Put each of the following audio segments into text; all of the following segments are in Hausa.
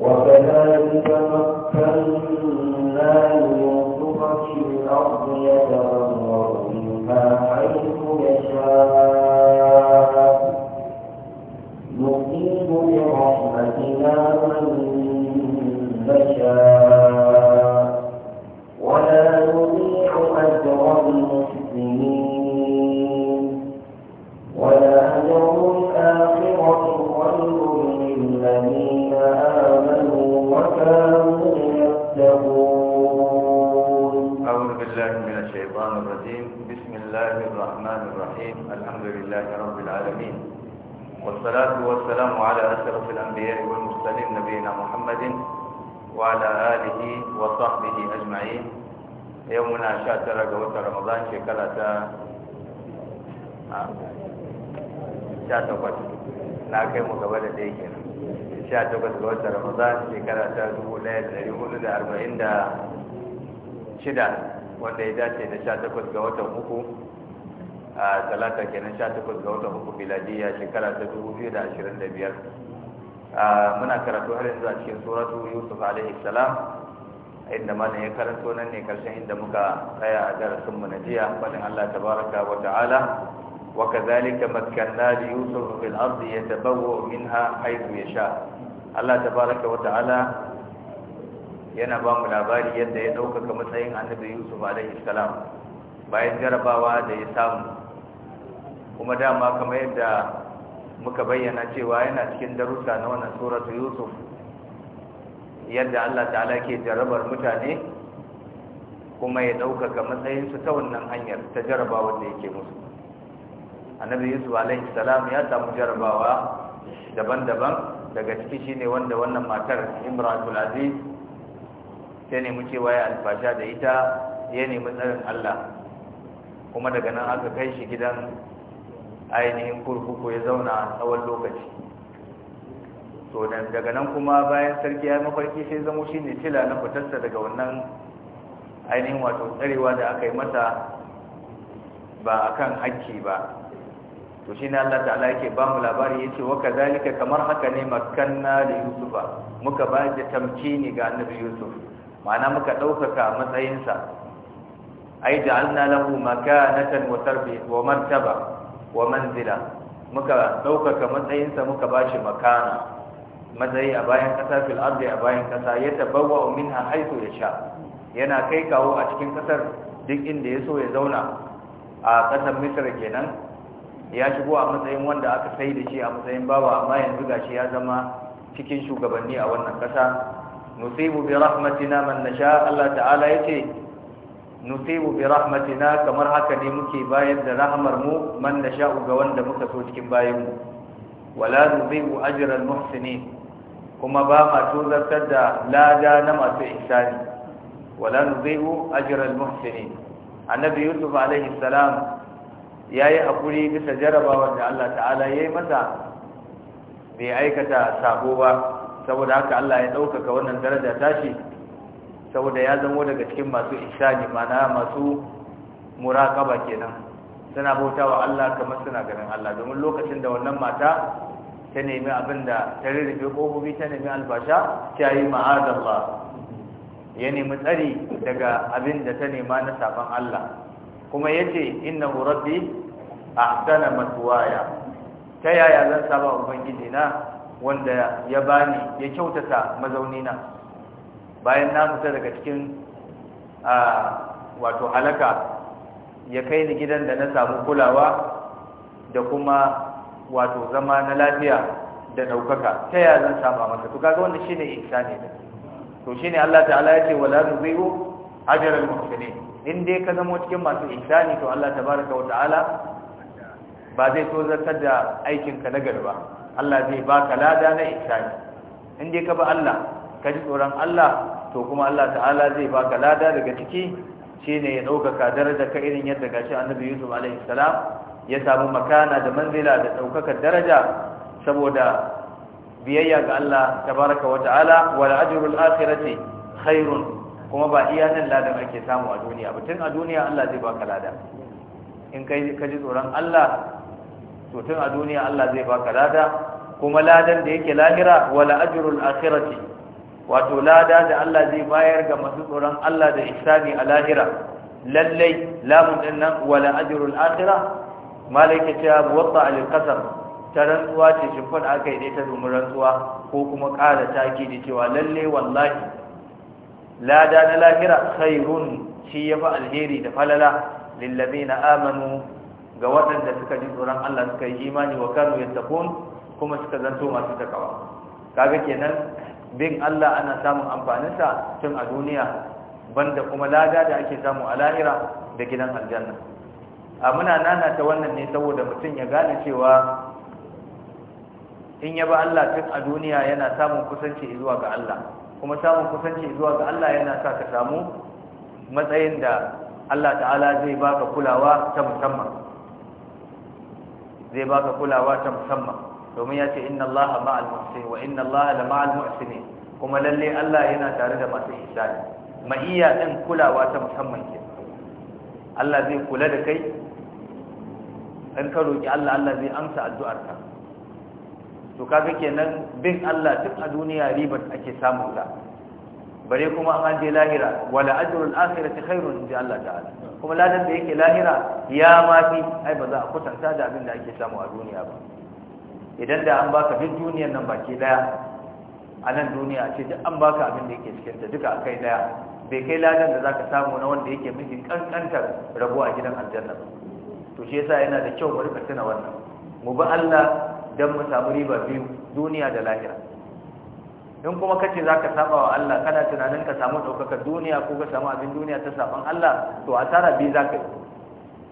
وكذلك مكنا ليوسف في الأرض يتبرر منها حيث يشاء نصيب برحمتنا من نشاء والصلاة والسلام على أشرف الأنبياء والمرسلين نبينا محمد وعلى آله وصحبه أجمعين يومنا شاتر قوة رمضان شكلة شاتر na kai mu gaba da dai kenan 18 ga watan Ramadan shekara ta 1446 wanda ya dace da 18 ga watan uku a talata kenan sha takwas ga watan uku miladiya shekara ta dubu biyu da ashirin da biyar muna karatu har yanzu a cikin suratu yusuf alaihi salam inda malam ya karanto nan ne karshen inda muka tsaya a darasin mu na jiya fadin Allah tabaraka wa ta'ala وكذلك مكنا ليوسف في الأرض يتبوأ منها حيث allah tabaraka تبارك وتعالى yana ba mu labari yadda ya ɗaukaka matsayin annabi yusuf alaihi salam bayan jarabawa da ya samu kuma dama kamar yadda muka bayyana cewa yana cikin darussa na wannan suratu yusuf yadda Allah ta'ala ke jarabar mutane kuma ya ɗaukaka matsayinsu ta wannan hanyar ta jaraba da yake musu annabi yusuf alaihi salam ya samu jarabawa daban-daban daga ciki shine wanda wannan matar imratul aziz ta nemi cewa ya alfasha da ita ya nemi tsarin Allah kuma daga nan aka kai shi gidan ainihin kurkuku ya zauna a tsawon lokaci so daga nan kuma bayan sarki ya mafarki sai zama shi ne tila na fitarsa daga wannan ainihin wato tsarewa da aka yi masa ba a kan hakki ba to shi ne Allah ta'ala yake ba mu labari ya ce waka zalika kamar haka ne makanna da yusufa muka ba da tamkini ga annabi yusuf ma'ana muka ɗaukaka matsayinsa ai da na lahu makanatan wa martaba wa manzila muka ɗaukaka matsayinsa muka bashi makana matsayi a bayan ƙasa fil ardi a bayan ƙasa ya tabawwa minha ya sha. yana kai kawo a cikin ƙasar duk inda ya so ya zauna a ƙasar Misr kenan ya shigo a matsayin wanda aka sai da shi a matsayin bawa amma yanzu gashi ya zama cikin shugabanni a wannan ƙasa nusibu bi rahmatina man nasha Allah ta'ala yace Nusi'u bi rahmatina kamar haka ne muke bayar da rahmar mu man sha'u ga wanda muka so cikin bayan mu wala nuzibu ajral muhsinin kuma ba ma tozartar da lada na masu ihsani wala nuzibu ajral muhsinin annabi yusuf alaihi salam yayi hakuri bisa jarabawar da Allah ta'ala yayi masa bai aikata sabo ba saboda haka Allah ya ɗaukaka wannan daraja tashi saboda ya zamo daga cikin masu ishani mana masu muraƙaba kenan suna bauta wa Allah kamar suna ganin Allah domin lokacin da wannan mata ta nemi abin da ta rirrife kofofi ta nemi albasha ta yi ma'adallah ya nemi tsari daga abin da ta nema na saban Allah kuma ya ce innahu rabbi ahsana matwaya ta yaya zan saba ubangiji na wanda ya bani ya kyautata mazaunina bayan na fita daga cikin wato halaka ya kai ni gidan da na samu kulawa da kuma wato zama na lafiya da daukaka ta yaya zan saba masa to kaga wannan shine insani ne to shine Allah ta'ala ya ce wala nuzihu ajra al-muhsinin in dai ka zama cikin masu insani to Allah tabaraka wa ta'ala ba zai so zartar da aikin ka na garba Allah zai baka lada na insani in dai ka ba Allah ka ji tsoron Allah to kuma Allah ta'ala zai baka lada daga ciki shi ne ya ɗaukaka daraja ka irin yadda gashi annabi Yusuf A.S. ya samu makana da manzila da ɗaukakar daraja saboda biyayya ga Allah tabaraka wa ta'ala wal ajrul akhirati khairun kuma ba iya nan ladan ake samu a duniya ba tun a duniya Allah zai baka lada in kai ka ji tsoron Allah to tun a duniya Allah zai baka lada kuma ladan da yake lahira wal ajrul akhirati wato lada da Allah zai bayar ga masu tsoron Allah da ihsani a lahira lallai lamun din nan wala ajrul akhirah malaka ta muwatta al qasam ta rantsuwa ce shin fada akai dai ta domin rantsuwa ko kuma ƙara taki da cewa lallai wallahi lada na lahira khairun shi yafi alheri da falala lil na amanu ga waɗanda suka ji tsoron Allah suka yi imani wa kanu yattaqun kuma suka zanto masu takawa kaga kenan bin Allah ana samun amfaninsa tun a duniya banda kuma lada da ake samu a lahira da gidan aljanna a muna nanata wannan ne saboda mutum ya gane cewa in ya ba Allah tun a duniya yana samun kusanci zuwa ga Allah kuma samun kusanci zuwa ga Allah yana sa ka samu matsayin da Allah ta'ala zai baka kulawa ta musamman zai baka kulawa ta musamman domin ya ce inna allaha ma'al muhsin wa inna allaha la ma'al muhsinin kuma lalle Allah yana tare da masu ihsani iya din kulawa ta musamman ke Allah zai kula da kai in ka roki Allah Allah zai amsa addu'arka to kaga kenan bin Allah duk a duniya ribar ake samu ta bare kuma an je lahira wala ajrul akhirati khairun inji Allah ta'ala kuma ladan da yake lahira ya mafi ai ba za a kwatanta da abin da ake samu a duniya ba idan da an baka duk duniyar nan baki daya a nan duniya ce duk an baka abin da yake cikinta duka a kai daya bai kai ladan da zaka samu na wanda yake miji kankantar rabo a gidan aljanna to shi yasa yana da kyau mu rika tuna wannan mu bi Allah dan mu samu riba biyu duniya da lahira in kuma kace zaka saba wa Allah kana tunanin ka samu daukakar duniya ko ka samu abin duniya ta saban Allah to asara bi zaka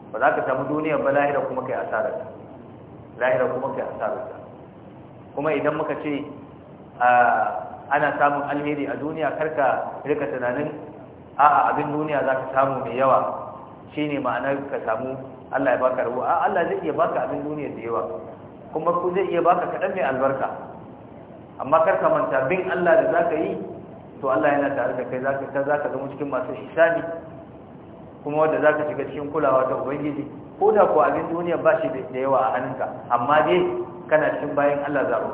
ba za ka samu duniya ba lahira kuma kai asara lahira kuma kai asara kuma idan muka ce ana samun alheri a duniya karka rika tunanin a'a abin duniya za ka samu mai yawa shi ne ma'anar ka samu Allah ya baka rabu a Allah zai iya baka abin duniya da yawa kuma ku zai iya baka kaɗan mai albarka amma karka manta bin Allah da za ka yi to Allah yana tare da kai za ka zama cikin masu isani kuma wadda za ka shiga cikin kulawa ta ubangiji ko da ko abin duniya ba shi da yawa a hannunka amma dai kana cikin bayan Allah zaɓa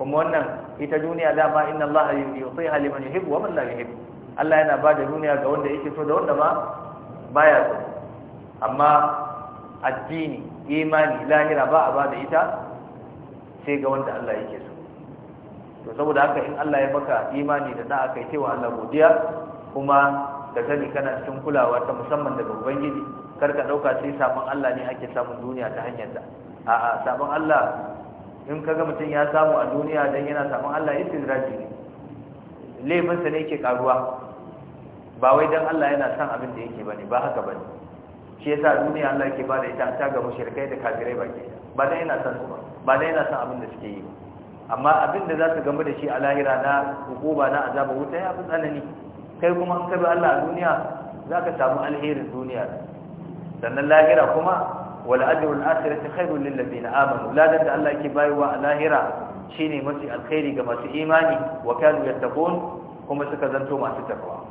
kuma wannan ita duniya dama inna Allah yutiha liman yuhibbu wa man la yuhibbu Allah yana ba da duniya ga wanda yake so da wanda ba baya so amma addini imani lahira ba a ba da ita sai ga wanda Allah yake so to saboda haka in Allah ya baka imani da da aka yi wa Allah godiya kuma ka sani kana cikin kulawa ta musamman daga ubangiji kar ka dauka sai samun Allah ne ake samun duniya ta hanyar da a'a sabon Allah in kaga mutum ya samu a duniya dan yana sabon Allah istidraji ne laifinsa ne yake karuwa ba wai dan Allah yana san abin da yake bane ba haka bane shi yasa duniya Allah yake bada ita ta ga mushrikai da kafirai baki ba dan yana san su ba ba dan yana san abin da suke yi amma abin da za su gamu da shi a lahira na hukuma na azaba wuta ya fi tsanani kai kuma an kabi Allah a duniya za ka samu alherin duniya sannan lahira kuma wal ajrul akhirati khairul lil ladina amanu ladan da Allah yake bayuwa a lahira shine mafi alkhairi ga masu imani wa kanu yattaqun kuma suka zanto masu takwa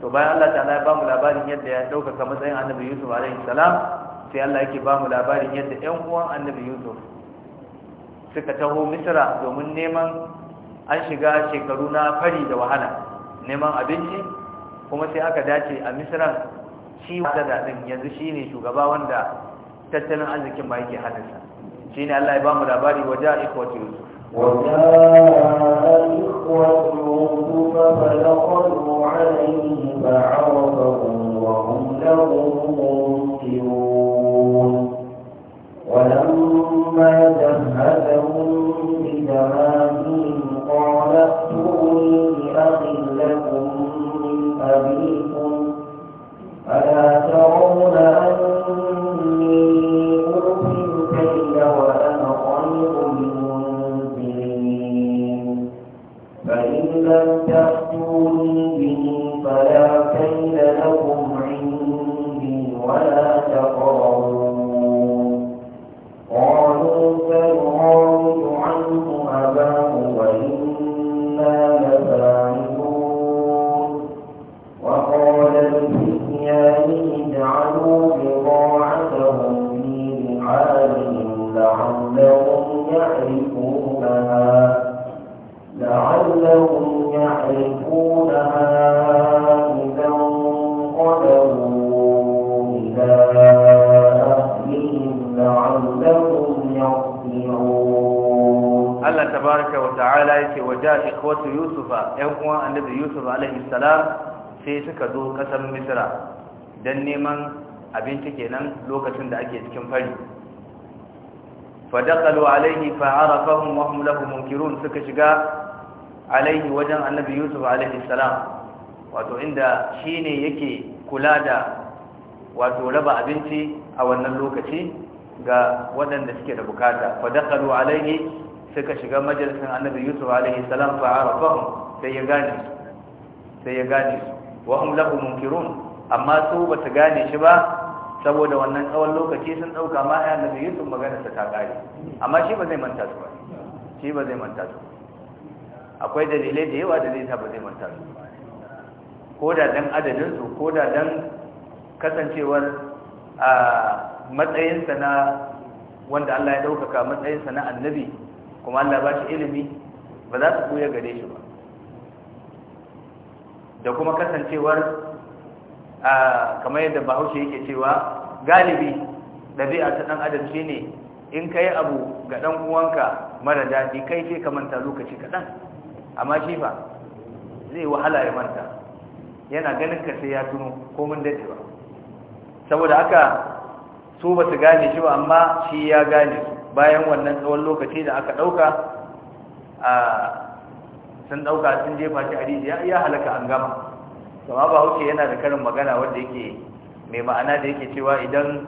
to bayan Allah ta'ala ya bamu labarin yadda ya dauka matsayin Annabi Yusuf alaihi salam sai Allah yake bamu labarin yadda 'yan uwan Annabi Yusuf suka taho Misra domin neman an shiga shekaru na fari da wahala neman abinci kuma sai aka dace a Misra shi wata da yanzu shine shugaba wanda tattalin arzikin ba yake hannunsa shi ne Allah ya ba mu labari waje ikwatu yusuf وجاء إخوة يوسف فدخلوا عليه فعرضهم وهم له منكرون ولما جهزهم بجماعهم قال ائتوني بأخ لكم من أبيكم ألا annabi yusuf alaihi salam sai suka zo kasar misra don neman abinci kenan lokacin da ake cikin fari fadakalu alaihi fa'arafahum wa hum lahu munkirun suka shiga alaihi wajen annabi yusuf alaihi salam wato inda shine yake kula da wato raba abinci a wannan lokaci ga waɗanda suke da bukata fadakalu alaihi suka shiga majalisin annabi yusuf alaihi salam fa'arafahum sai ya gane sai ya gane wa hum lahu munkirun amma su bata gane shi ba saboda wannan tsawon lokaci sun dauka ma ayyan da Yusuf magana ta kare amma shi ba zai manta su ba shi ba zai manta su akwai dalilai da yawa da zai sa ba zai manta su ko da dan adadin su ko da dan kasancewar a matsayinsa na wanda Allah ya matsayin matsayinsa na annabi kuma Allah ba shi ilimi ba za su buya gare shi ba da kuma kasancewar kamar yadda bahaushe yake cewa galibi ɗabi'a ta ɗan adam ne in ka yi abu ga ɗan uwanka mara daɗi kai sai ka manta lokaci kaɗan amma shi fa zai wahala ya manta yana ganin ka sai ya tuno komin ba. saboda aka su ba su gane shi ba amma shi ya gane bayan wannan tsawon lokaci da aka ɗauka a sun dauka sun jefa shi a rijiya ya halaka an gama amma ba hauke yana da karin magana wanda yake mai ma'ana da yake cewa idan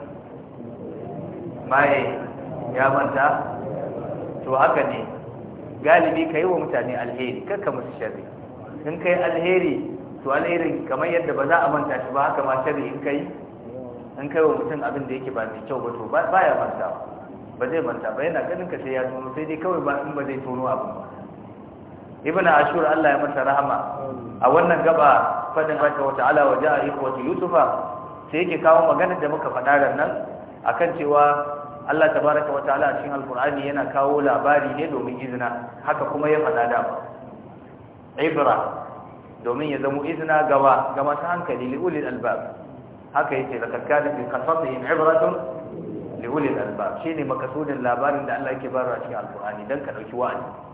maye ya manta to haka ne galibi ka yi wa mutane alheri kakka musu sharri in kai alheri to alheri kamar yadda ba za a manta shi ba haka ma sharri in kai in kai wa mutum abin da yake ba mai kyau ba to ba ya manta ba zai manta ba yana ganin ka sai ya tono sai dai kawai ba in ba zai tono abin ba ibn ashur Allah ya masa rahama a wannan gaba fadin barka wa ta'ala wa ja'a ikwatu yusufa sai yake kawo magana da muka faɗa ran nan akan cewa Allah tabaraka wa ta'ala a cikin alqur'ani yana kawo labari ne domin izina haka kuma ya faɗa da ibra domin ya zama izina gaba, ga masu hankali li ulil albab haka yake da kakkada fi qasasihim ibratun li ulil albab shine makasudin labarin da Allah yake bayarwa cikin alqur'ani dan ka dauki wa'azi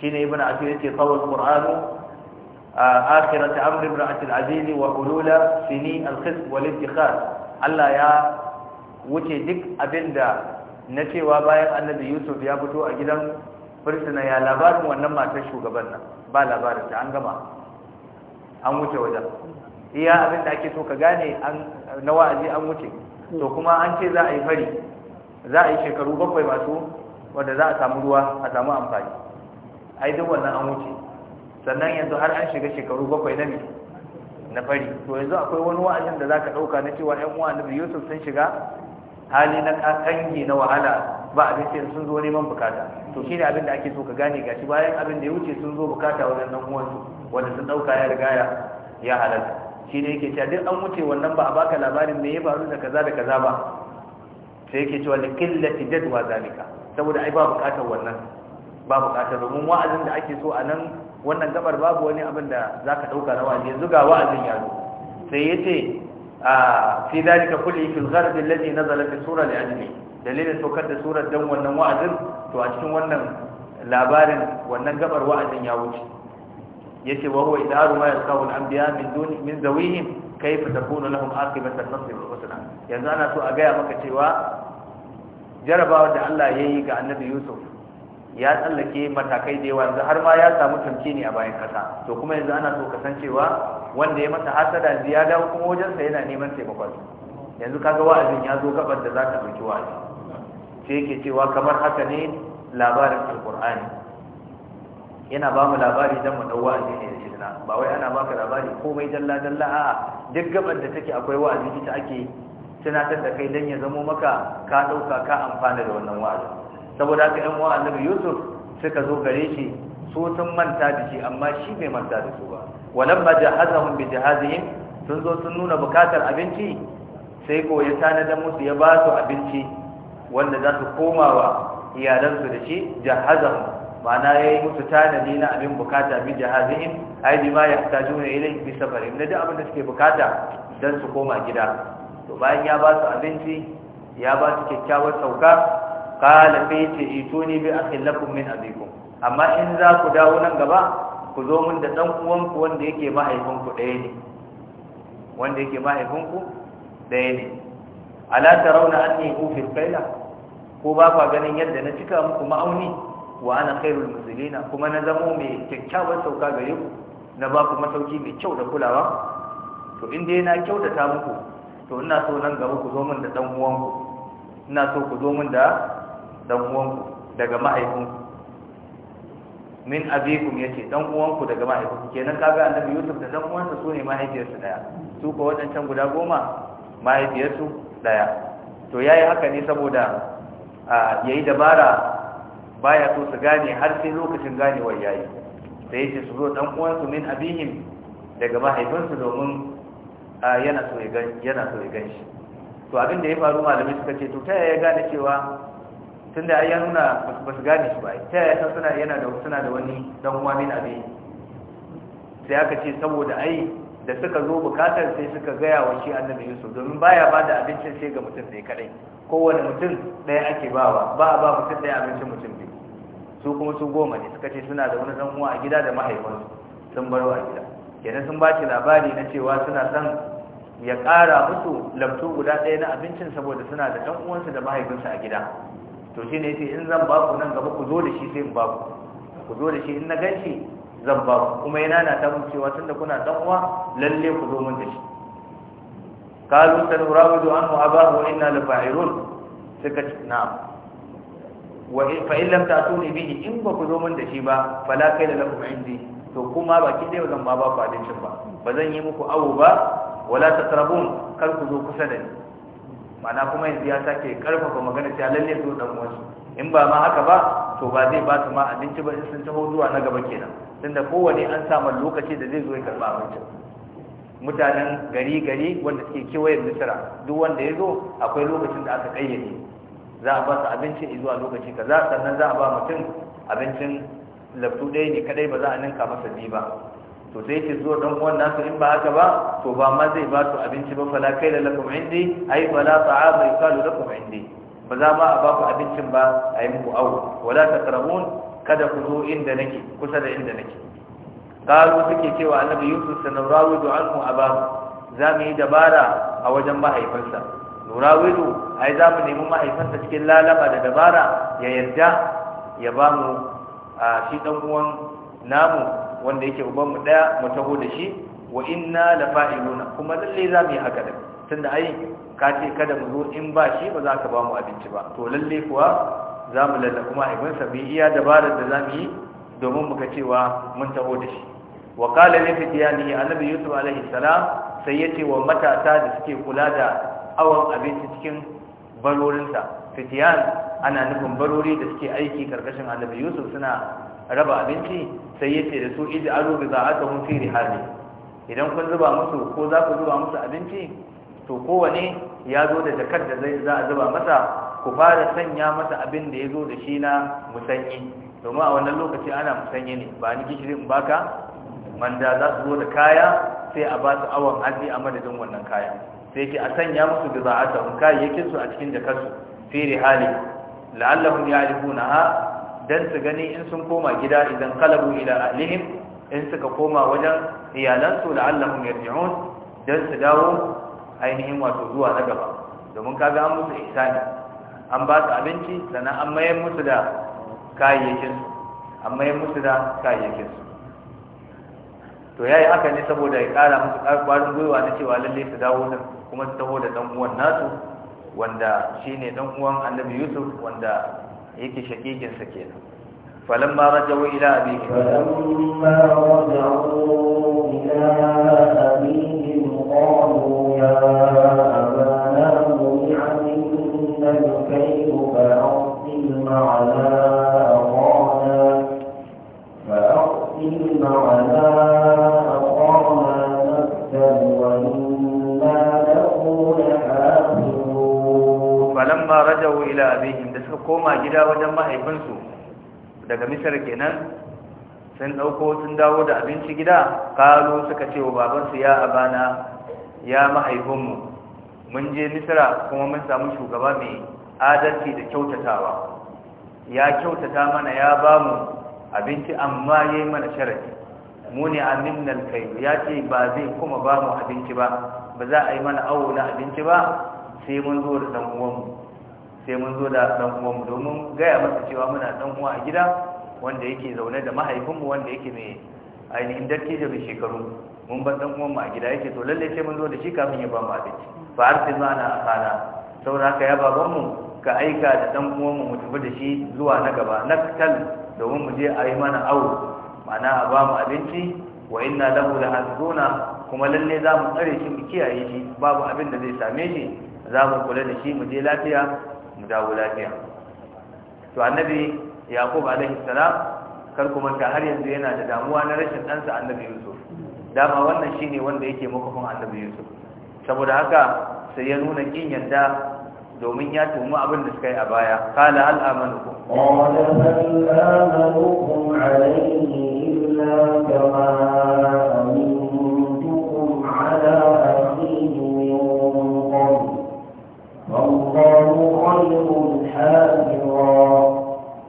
shine ibn asir yace qawal qur'anu akhirat amr ibn abdul aziz wa hulula sini alqis wal intikhas Allah ya wuce duk abinda na cewa bayan annabi Yusuf ya fito a gidan fursuna ya labarin wannan matar shugaban nan ba labarin ta an gama an wuce wajen iya abinda ake so ka gane na wa'azi an wuce to kuma an ce za a yi fari za a yi shekaru bakwai masu wanda za a samu ruwa a samu amfani ai duk wannan an wuce sannan yanzu har an shiga shekaru bakwai na na fari to yanzu akwai wani wa'azin da zaka dauka na cewa ƴan uwa Annabi Yusuf sun shiga hali na kakangi na wahala ba abin sai sun zo neman bukata to shine abin da ake so ka gane gashi bayan abin da ya wuce sun zo bukata wajen nan uwansu wanda sun dauka ya riga ya ya shi ne yake cewa duk an wuce wannan ba a baka labarin me ya faru da kaza da kaza ba sai yake cewa li qillati jadwa zalika saboda ai ba bukatar wannan ba bukata domin wa'azin da ake so a nan wannan gabar babu wani abin da za ka ɗauka na wa'azin. yanzu ga wa'azin ya zo sai ya ce a fi dalika kulli fil gharb alladhi nazala fi sura al-ajmi dalilin saukar da surar dan wannan wa'azin to a cikin wannan labarin wannan gabar wa'azin ya wuce Ya ce, wa huwa idaru ma yasqawu al-anbiya min duni min zawihim kayfa takunu lahum aqibatu an-nasr wal husna yanzu ana so a gaya maka cewa jarabawa da Allah ya yi ga annabi Yusuf ya tsallake matakai da yawa yanzu har ma ya samu tamke ne a bayan kasa to kuma yanzu ana so kasancewa wanda ya masa hasada ya dawo kuma wajensa yana neman taimakon yanzu kaga wa'azin ya zo gabar da za ta ɗauki wa'azi sai yake cewa kamar haka ne labarin alkur'ani yana ba mu labari don mu ɗau wa'azi ne da na ba wai ana baka labari komai dalla dalla a'a duk gabar da take akwai wa'azi ita ake tunatar da kai don ya zamo maka ka ɗauka ka amfana da wannan wa'azin saboda haka ɗan uwan annabi yusuf suka zo gare shi su sun manta da shi amma shi bai manta da su ba walamma jahazahum bi jahazihim sun zo sun nuna bukatar abinci sai ko ya da musu ya ba su abinci wanda za su komawa iyalansu da shi jahazahum ma'ana ya yi musu tanadi na abin bukata bi jahazihim ai bi ma yahtajuna ilayhi bi safarihim da abin da suke bukata dan su koma gida to bayan ya ba su abinci ya ba su kyakkyawar sauka qala fa yatituni bi akhin lakum min abikum amma in za ku dawo nan gaba ku zo mun da dan uwanku wanda yake mahaifinku ɗaya ne wanda yake mahaifinku ɗaya ne ala tarawna anni ufil kaila ko ba ku ganin yadda na cika muku ma'auni wa ana khairul muslimina kuma na zamo mai kyakkyawar sauka gare ku na ba ku masauki mai kyau da kulawa to in dai na kyautata muku to ina so nan gaba ku zo min da dan uwanku ina so ku zo min da dan uwanku daga ma'aikinku min abikum yace dan uwanku daga ma'aikinku kenan kaga annabi Yusuf da dan uwansa sune mahaifiyarsu daya su ko wadancan guda goma mahaifiyarsu daya to yayi haka ne saboda yayi dabara baya so su gane har sai lokacin ganewar yayi sai yace su zo dan uwansu min abihim daga mahaifinsu domin yana so ya gani yana so ya gani to abin da ya faru malamai suka ce to ta yaya gane cewa tunda ai ya nuna ba su gane shi ba ta yaya san suna yana da suna da wani dan uwa min abin sai aka ce saboda ai da suka zo bukatar sai suka gaya wa shi annabi Yusuf domin baya ba da abincin sai ga mutum sai kadai kowane mutum ɗaya ake bawa ba a ba mutum ɗaya abincin mutum ne su kuma su goma ne suka ce suna da wani dan uwa a gida da mahaifansu sun baro a gida kenan sun ba shi labari na cewa suna son ya ƙara musu lamto guda ɗaya na abincin saboda suna da ɗan uwansu da mahaifinsu a gida to shine yace in zan ba ku nan gaba ku zo da shi sai in ba ku ku zo da shi in na shi zan ba ku kuma yana na ta mun cewa tunda kuna dan uwa lalle ku zo mun da shi kalu sanurawidu anhu abahu wa inna lafa'ilun suka ce na'am wa fa in lam ta'tuni bihi in ba ku zo min da shi ba fala kai da lakum indi to kuma baki dai zan ba ba ku abincin ba ba zan yi muku awu ba wala tatrabun kar ku zo kusa da ni mana kuma yanzu ya sake karfafa magana cewa lalle su dan wasu in ba ma haka ba to ba zai ba su ma abinci ba in sun taho zuwa na gaba kenan tunda kowane an samu lokaci da zai zo ya karba abinci mutanen gari gari wanda suke kewayen misira duk wanda ya zo akwai lokacin da aka kayyade za a ba su abinci zuwa lokaci kaza sannan za a ba mutum abincin laftu ɗaya ne kadai ba za a ninka masa biyu ba to sai ke zo don uwan nasu in ba haka ba to ba ma zai ba su abinci ba fala kai lakum indi ai fala ta'ama yuqalu lakum indi ba za ma a ba ku abincin ba ai muku au wala takramun kada ku zo inda nake kusa da inda nake qalu suke cewa annabi yusuf sanarawidu anhu aba za mu yi dabara a wajen mahaifinsa nurawidu ai za mu nemi mahaifinsa cikin lalaba da dabara ya yarda ya ba mu shi dan uwan namu wanda yake uban mu daya mu taho da shi wa inna la fa'iluna kuma lalle za mu yi haka da tunda ai ka ce kada mu zo in ba shi ba za ka ba mu abinci ba to lalle kuwa za mu lalle kuma ai mun sabi iya dabarar da za mu yi domin muka cewa mun taho da shi wa qala li fitiyani annabi yusuf alaihi salam sai ya ce wa matata da suke kula da awan abinci cikin barorinsa fitiyan ana nufin barori da suke aiki karkashin annabi yusuf suna raba abinci sai ya da su iji aro bi za'ata hun fi rihali idan kun zuba musu ko za ku zuba musu abinci to kowane ya zo da jakar da zai za a zuba masa ku fara sanya masa abin da ya zo da shi na musanyi domin a wannan lokaci ana musanyi ne ba ni gishirin baka manda za su zo da kaya sai a ba su awon aji a madadin wannan kaya sai ke a sanya musu da za'ata hun kayayyakin su a cikin jakarsu fi rihali la'allahum ya'rifunaha dan su gani in sun koma gida idan kalabu ila ahlihim in suka koma wajen iyalansu la'allahum yarji'un dan su dawo ainihin wato zuwa na gaba domin kaga an musu ihsani an ba su abinci sannan an mayar musu da kayayyakin an mayar musu da kayayyakin to yayi haka ne saboda ya kara musu ƙarfin gwiwa na cewa lalle su dawo da kuma su taho da dan uwan nasu wanda shine dan uwan Annabi Yusuf wanda yake shakikin sa kenan falamma rajau ila abihim falamma rajau ila abihim qalu ya abana mu'a minna al-kayl fa'til ma'ana aqana fa'til ma'ana aqana naktab wa inna lahu lahafizun falamma rajau ila abihim suka koma gida wajen mahaifinsu daga misar kenan sun ɗauko sun dawo da abinci gida kalu suka ce wa babansu ya abana ya mahaifinmu mun je misra kuma mun samu shugaba mai adalci da kyautatawa ya kyautata mana ya ba mu abinci amma ya yi mana sharadi mu ne aminnal kai ya ce ba zai kuma ba mu abinci ba ba za a yi mana awo na abinci ba sai mun zo da ɗan sai mun zo da dan uwanmu domin gaya masa cewa muna dan uwa a gida wanda yake zaune da mahaifinmu wanda yake mai ainihin dattijo mai shekaru mun bar dan uwanmu a gida yake to lalle sai mun zo da shi kafin ya ba mu abinci fa har sai zana a kana saboda haka ya babanmu ka aika da dan uwanmu mu tafi da shi zuwa na gaba na kal domin mu je a yi mana awo ma'ana a ba mu abinci wa inna lahu hazuna kuma lalle za mu tsare shi mu kiyaye shi babu abin da zai same shi za mu kula da shi mu je lafiya mu dawo lafiya to annabi yaqub alaihi salam kar kuma ta har yanzu yana da damuwa na rashin ɗansa annabi yusuf dama wannan shine wanda yake makofin annabi yusuf saboda haka sai ya nuna kin yanda domin ya tumu abin da suka yi a baya qala al amanukum qala hal amanukum alayhi illa kama هاجرا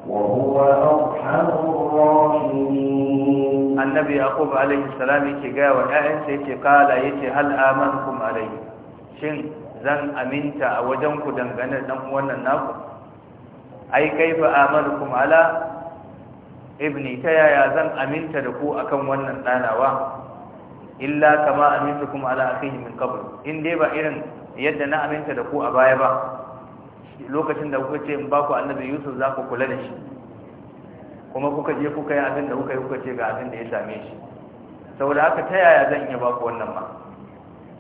وهو أرحم الراحمين Salam yake gaya wa يكي قال وأنسى قال يتي هل kuma عليه Shin zan aminta a wajen ku dangane dan wannan naku ai kaifa kuma ala ibni ta yaya zan aminta da ku akan wannan danawa illa kama amintukum ala akhihi min qabl in dai ba irin yadda na aminta da ku a baya ba lokacin da kuka ce in ba ku annabi yusuf za ku kula da shi kuma kuka je kuka yi abin da kuka yi kuka ce ga abin da ya same shi saboda haka ta yaya zan iya ba ku wannan ma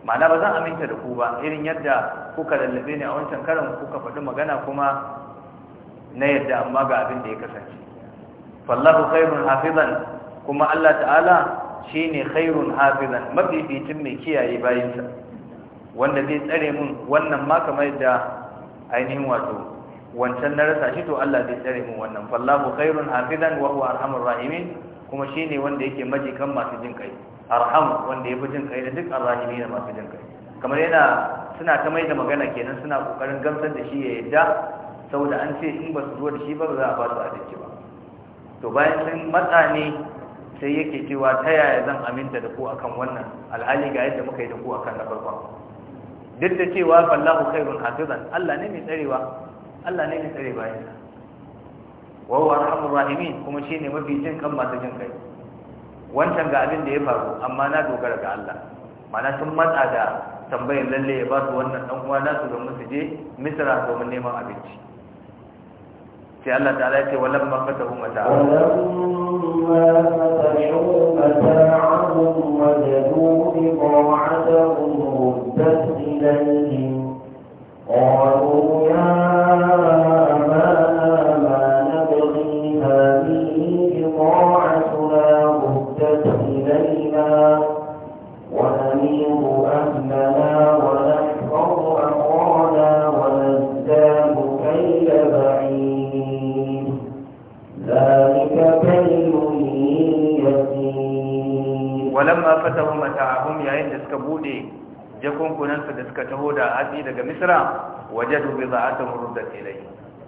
ma'ana ba zan aminta da ku ba irin yadda kuka lallabe ne a wancan karan kuka faɗi magana kuma na yadda amma ga abin da ya kasance fallahu khairun hafizan kuma Allah ta'ala shine khairun hafizan mafificin mai kiyaye bayinsa wanda zai tsare mun wannan ma kamar yadda ainihin wato wancan na rasa shi to Allah zai tsare mu wannan fallahu khairun hafizan wa huwa arhamur rahimin kuma shine wanda yake majikan masu jin kai arham wanda yafi jin kai da duk arrahimi da masu jin kai kamar yana suna ta mai da magana kenan suna kokarin gamsar da shi ya yadda saboda an ce in ba su zo da shi ba za a ba su adalci ba to bayan sun matsa ne sai yake cewa ta yaya zan aminta da ku akan wannan alhali ga yadda muka yi da ku akan na farko duk da cewa fallahu khairun hafizan Allah ne mai tsarewa Allah ne mai tsare bayan wa huwa arhamur rahimin kuma shine mafi jin kan masu jin kai wancan ga abin da ya faru amma na dogara ga Allah mana sun matsa da tambayar lalle ya ba su wannan dan uwa nasu domin su je Misra domin neman abinci sai Allah ta'ala ya ce walamma fatahu mata'a فلما فتحوا متاعهم وجدوا بضاعتهم ردت إليهم قالوا يا suka bude jakunkunansu da suka taho da hatsi daga misra wajadu bi za'atin ruddat ilayhi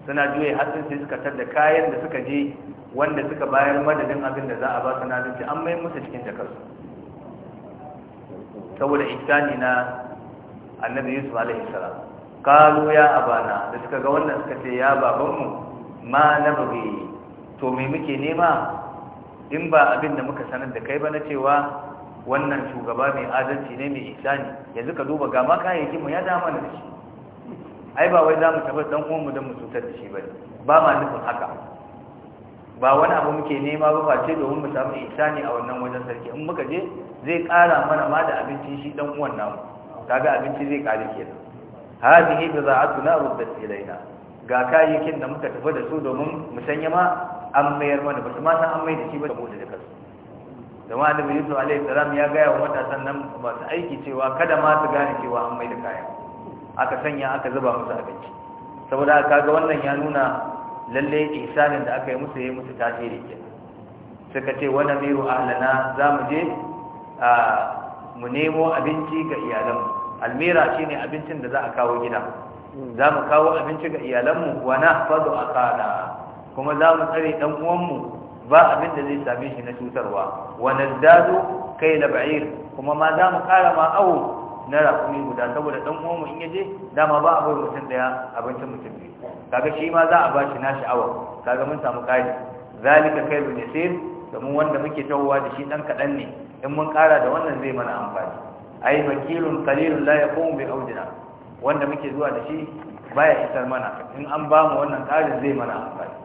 suna juye hatsin sai suka tada kayan da suka je wanda suka bayar madadin abin da za a ba su na dace an mai musu cikin jakarsu saboda ihsani na annabi yusuf alaihi salam kalu ya abana da suka ga wannan suka ce ya babanmu ma na bugi to me muke nema in ba abin da muka sanar da kai ba na cewa wannan shugaba mai adalci ne mai isani yanzu ka duba ga ma kayayyakin mu ya dama da shi ai ba wai zamu tabbata dan uwan mu dan mu cutar da shi bane ba ma nufin haka ba wani abu muke nema ba face domin mu samu isani a wannan wajen sarki in muka je zai kara mana ma da abinci shi dan uwan namu kaga abinci zai kare kenan hadihi bizaatuna ruddat ilaina ga kayayyakin da muka tafi da su domin mu sanya ma an mayar mana ba su ma san an mai da shi ba saboda da kansu zama da yusuf alaihi salam ya gaya wa matasan nan masu aiki cewa kada ma su gane cewa an mai da kaya aka sanya aka zuba musu abinci saboda kaga wannan ya nuna lalle ihsanin da aka yi musu yayi musu tasiri ke suka ce wa namiru ahlana za mu je a mu nemo abinci ga iyalanmu almira shine abincin da za a kawo gida za mu kawo abinci ga iyalanmu wa na a akana kuma za mu tsare dan uwanmu ba abin da zai same shi na cutarwa wa dadu kai da ba'ir kuma ma za mu kara ma awo na rakumi guda saboda dan uwan mu in yaje dama ba abu mutum daya abincin mutum ne kaga shi ma za a ba shi nashi awa kaga mun samu kai zalika kai bin yasir domin wanda muke tawowa da shi dan kadan ne in mun kara da wannan zai mana amfani ai bakilun qalilun la yaqum bi awdina wanda muke zuwa da shi baya isar mana in an ba mu wannan karin zai mana amfani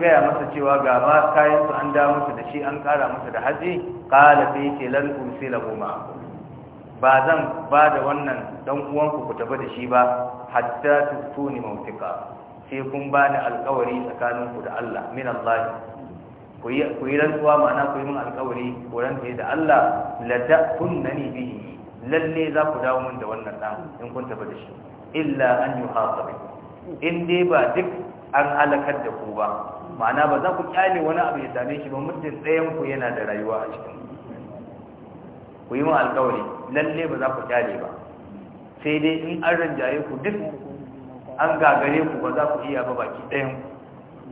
gaya masa cewa ga ba kayan su an da musu da shi an kara masa da haji qala fi tilal ursilahu ma ba zan ba da wannan dan uwanku ku tafi da shi ba hatta tutuni mautika sai kun ba ni alƙawari tsakaninku da Allah min Allah ku yi rantsuwa ma'ana ku yi min alƙawari ku rantsa da Allah la ta'kunnani bihi lalle za ku dawo min da wannan dan in kun tafi da shi illa an yuhasabi in dai ba duk an halakar da ku ba ma'ana ba za ku kyale wani abu ya same shi ba muddin ɗayan ku yana da rayuwa a cikin ku yi min alkawari lalle ba za ku kyale ba sai dai in an ranjaye ku duk an gagare ku ba za ku iya ba baki ɗayan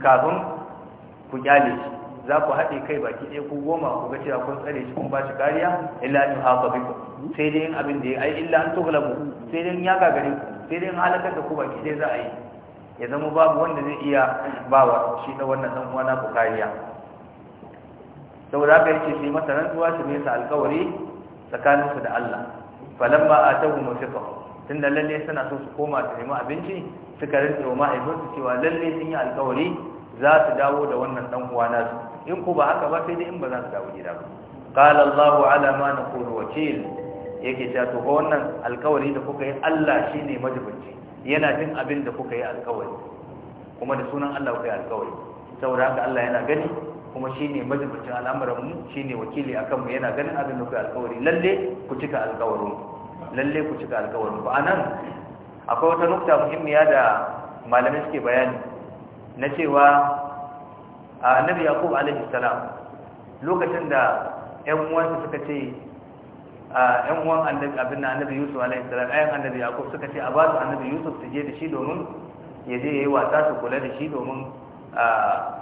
kafin ku kyale shi za ku haɗe kai baki ɗaya ko goma ku ga cewa kun tsare shi kun ba shi kariya illa an yuhaqa biku sai dai in abin da ya ai illa an tughlabu sai dai in ya gagare ku sai dai in halakar da ku baki ɗaya za a yi ya zama babu wanda zai iya bawa shi da wannan ɗan uwa na bukariya saboda haka yake sai masa rantsuwa su mai sa alƙawari tsakaninsu da Allah falamma atahu mufiqa tunda lalle suna so su koma su nemi abinci suka rantsuwa ma'aikansu cewa lalle sun yi alƙawari za su dawo da wannan ɗan uwa su. in ko ba haka ba sai dai in ba za su dawo gida ba qala Allahu ala ma naqulu wakil yake cewa to wannan alƙawari da kuka yi Allah shine majibinci yana jin abin da kuka yi alkawari kuma da sunan Allah kuka yi alkawari saboda haka Allah yana gani kuma shi ne majibincin al'amuran mu ne wakili akan mu yana ganin abin da kuka yi alkawari lalle ku cika alkawarin lalle ku cika alkawarin ku nan, akwai wata nukta muhimmiya da malamai suke bayani na cewa annabi yaqub alaihi salam lokacin da ƴan uwansa suka ce yan uwan annabi abin da annabi yusuf alaihi salam ayan annabi yakub suka ce a ba su annabi yusuf su je da shi domin ya je yayi wasa su kula da shi domin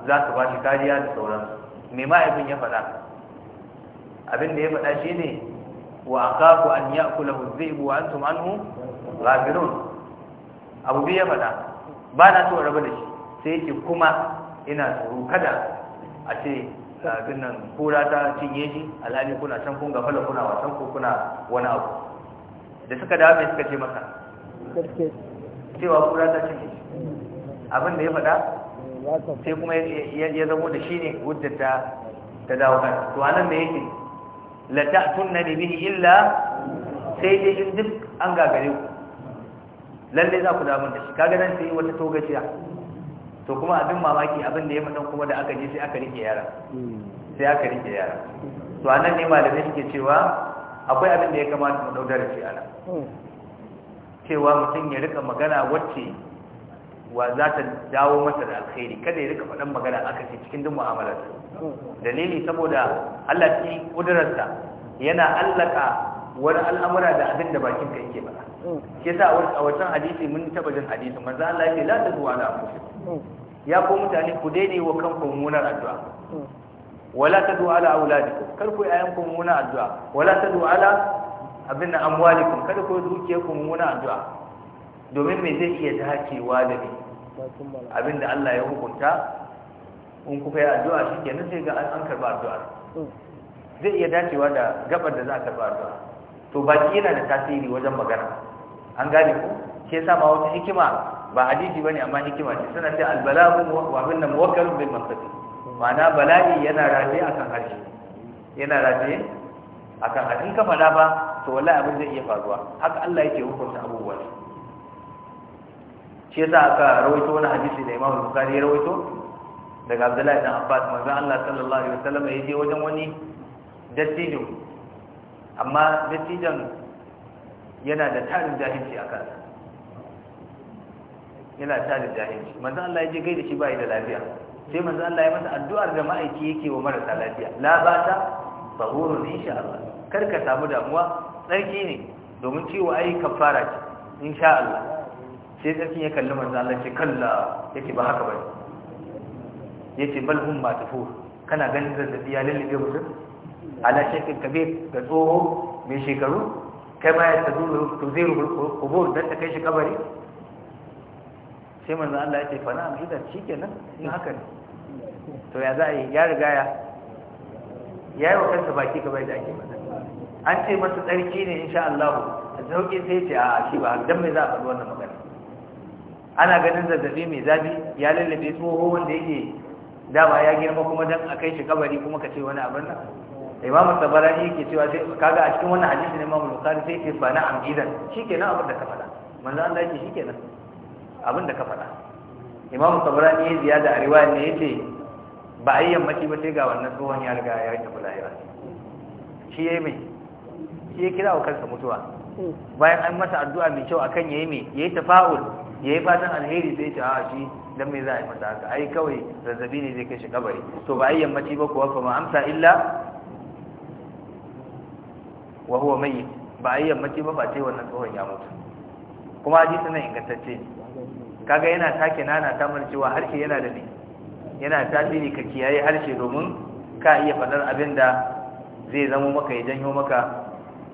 za su ba shi kariya da sauran me ma abin ya faɗa abin da ya faɗa shine wa akafu an ya'kulahu adh-dhi'bu wa antum anhu ghafilun abu biya faɗa ba na so rabu da shi sai yake kuma ina tsoro kada a ce abin nan kura ta cinye shi alhali kuna can kun gafala kuna wasan ko kuna wani abu da suka dawo mai suka ce masa cewa kura ta cinye shi hmm. abin da ya faɗa sai kuma ya zamo da shi ne hujjar ta ta dawo kan to anan me yake la ne bihi illa sai dai in duk an gagare ku lalle za ku dawo da shi kaga nan sai wata togaciya to kuma abin mamaki abin da ya faɗa kuma da aka je sai aka rike yara hmm. sai aka rike yara to anan ne malamai suke cewa akwai abin da ya kamata mu da shi ana hmm. cewa mutum ya rika magana wacce wa za ta dawo masa da alkhairi kada ya rika faɗan magana aka ce cikin duk mu'amalarsa hmm. dalili saboda Allah ki kudurarsa yana allaka wani al'amura da abin da bakin ka yake ke yasa a wancan hadisi mun taba jin hadisi manzo Allah yake la zuwa ala anfusikum ya ko mutane ku daidai wa kanku munar addu'a wala ta zuwa ala auladikum kar ku ayan ku munar addu'a wala ta zuwa ala abin amwalikum kada ku zuke ku munar addu'a domin me zai iya dacewa da ni abin da Allah ya hukunta in kuka yi addu'a shi kenan sai ga an karba addu'a zai iya dacewa da gabar da za a karba addu'a to baki yana da tasiri wajen magana an gane ku ke sa ma wata hikima ba hadisi bane amma hikima ce suna ce albalahu wa abin da muwakkalu bil maqsadi ma'ana bala'i yana rataye akan harshe yana rataye akan hadin in ka fada ba to wallahi abin zai iya faruwa haka Allah yake hukunta abubuwa ke sa aka rawaito wani hadisi da Imam Bukhari ya rawaito daga Abdullahi ibn Abbas manzo Allah sallallahu alaihi wasallam yaje je wajen wani dattijo amma dattijan yana da tarin jahilci a kansa yana tarin jahilci manzo Allah ya je gaida shi bai da lafiya sai manzo Allah ya masa addu'ar da ma'aiki yake wa marasa lafiya la ta tahurun insha Allah kar ka samu damuwa tsarki ne domin cewa ai kafara ce insha Allah sai tsarkin ya kalli manzo Allah ce kalla yake ba haka bane yace bal hum ma tafur kana ganin zazzabi ya lalle mutum ala shekin kabir da tsoho mai shekaru kai ma ya zai tuziru kubur dan ta kai shi kabari sai manzo Allah ya ce fa da idan shikenan in haka ne to ya zaa yi ya riga ya Ya yi wa kansa baki kabai da ake masa an ce masa tsarki ne insha Allah sauki sai ce a shi ba dan me za a faɗi wannan magana ana ganin zazzabi mai zafi ya lallabe tsoho wanda yake dama ya girma kuma dan a kai shi kabari kuma ka ce wani abin nan imamu tabarani yake cewa sai kaga a cikin wannan hadisi ne imamu bukhari sai yake fana amgidan shikenan abin da ka faɗa manzo Allah yake shikenan abin da ka faɗa imamu tabarani ya ziyada a riwaya ne yace ba a yi yammaci ba sai ga wannan tsohon ya riga ya rike lahira shi yayi mai shi ya kira wa kansa mutuwa bayan an masa addu'a mai kyau akan yayi mai yayi tafa'ul yayi fatan alheri sai ta a shi dan me za a yi masa haka ai kawai zazzabi ne zai kai shi kabari to ba a yi yammaci ba kuwa fa ma amsa illa wa huwa mai ba a yi yammaci ba ba ce wannan tsohon ya mutu kuma ji nan ingantacce kaga yana sake nana ta cewa harshe yana da ne yana tasiri ka kiyaye harshe domin ka iya faɗar abin da zai zama maka ya janyo maka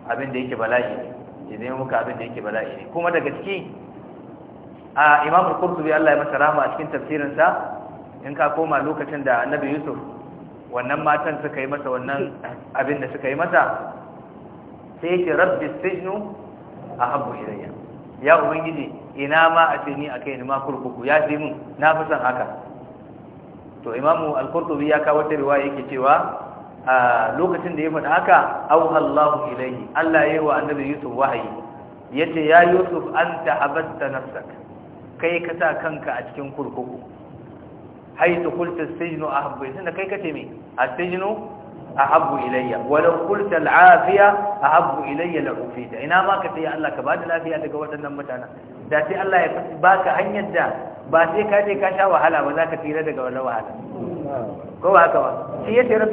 abin da yake bala'i ya janyo maka abin da yake bala'i ne kuma daga ciki a imam al-qurtubi Allah ya masa rahama a cikin tafsirin sa in ka koma lokacin da annabi yusuf wannan matan suka yi masa wannan abin da suka yi masa sai yake rabbi sijnu habu shirya ya ubangiji ina ma a ce ni a kai ni ma kurkuku ya fi mun na fi son haka to imamu al ya kawo ta riwaya yake cewa a lokacin da ya faɗa haka au hallahu ilayhi Allah yi wa annabi Yusuf wahayi yace ya Yusuf anta habatta nafsak kai ka sa kanka a cikin kurkuku haitu qulta sijnu ahabbu ilayya kai kace me a sijnu ahabbu ilayya walau qulta al'afiya ahabbu ilayya la ufita ina ma ka Allah ka bada lafiya daga waɗannan mutanen da sai Allah ya baka hanyar da ba sai ka je ka sha wahala ba za ka tsira daga wannan wahala ko ba haka ba shi Allah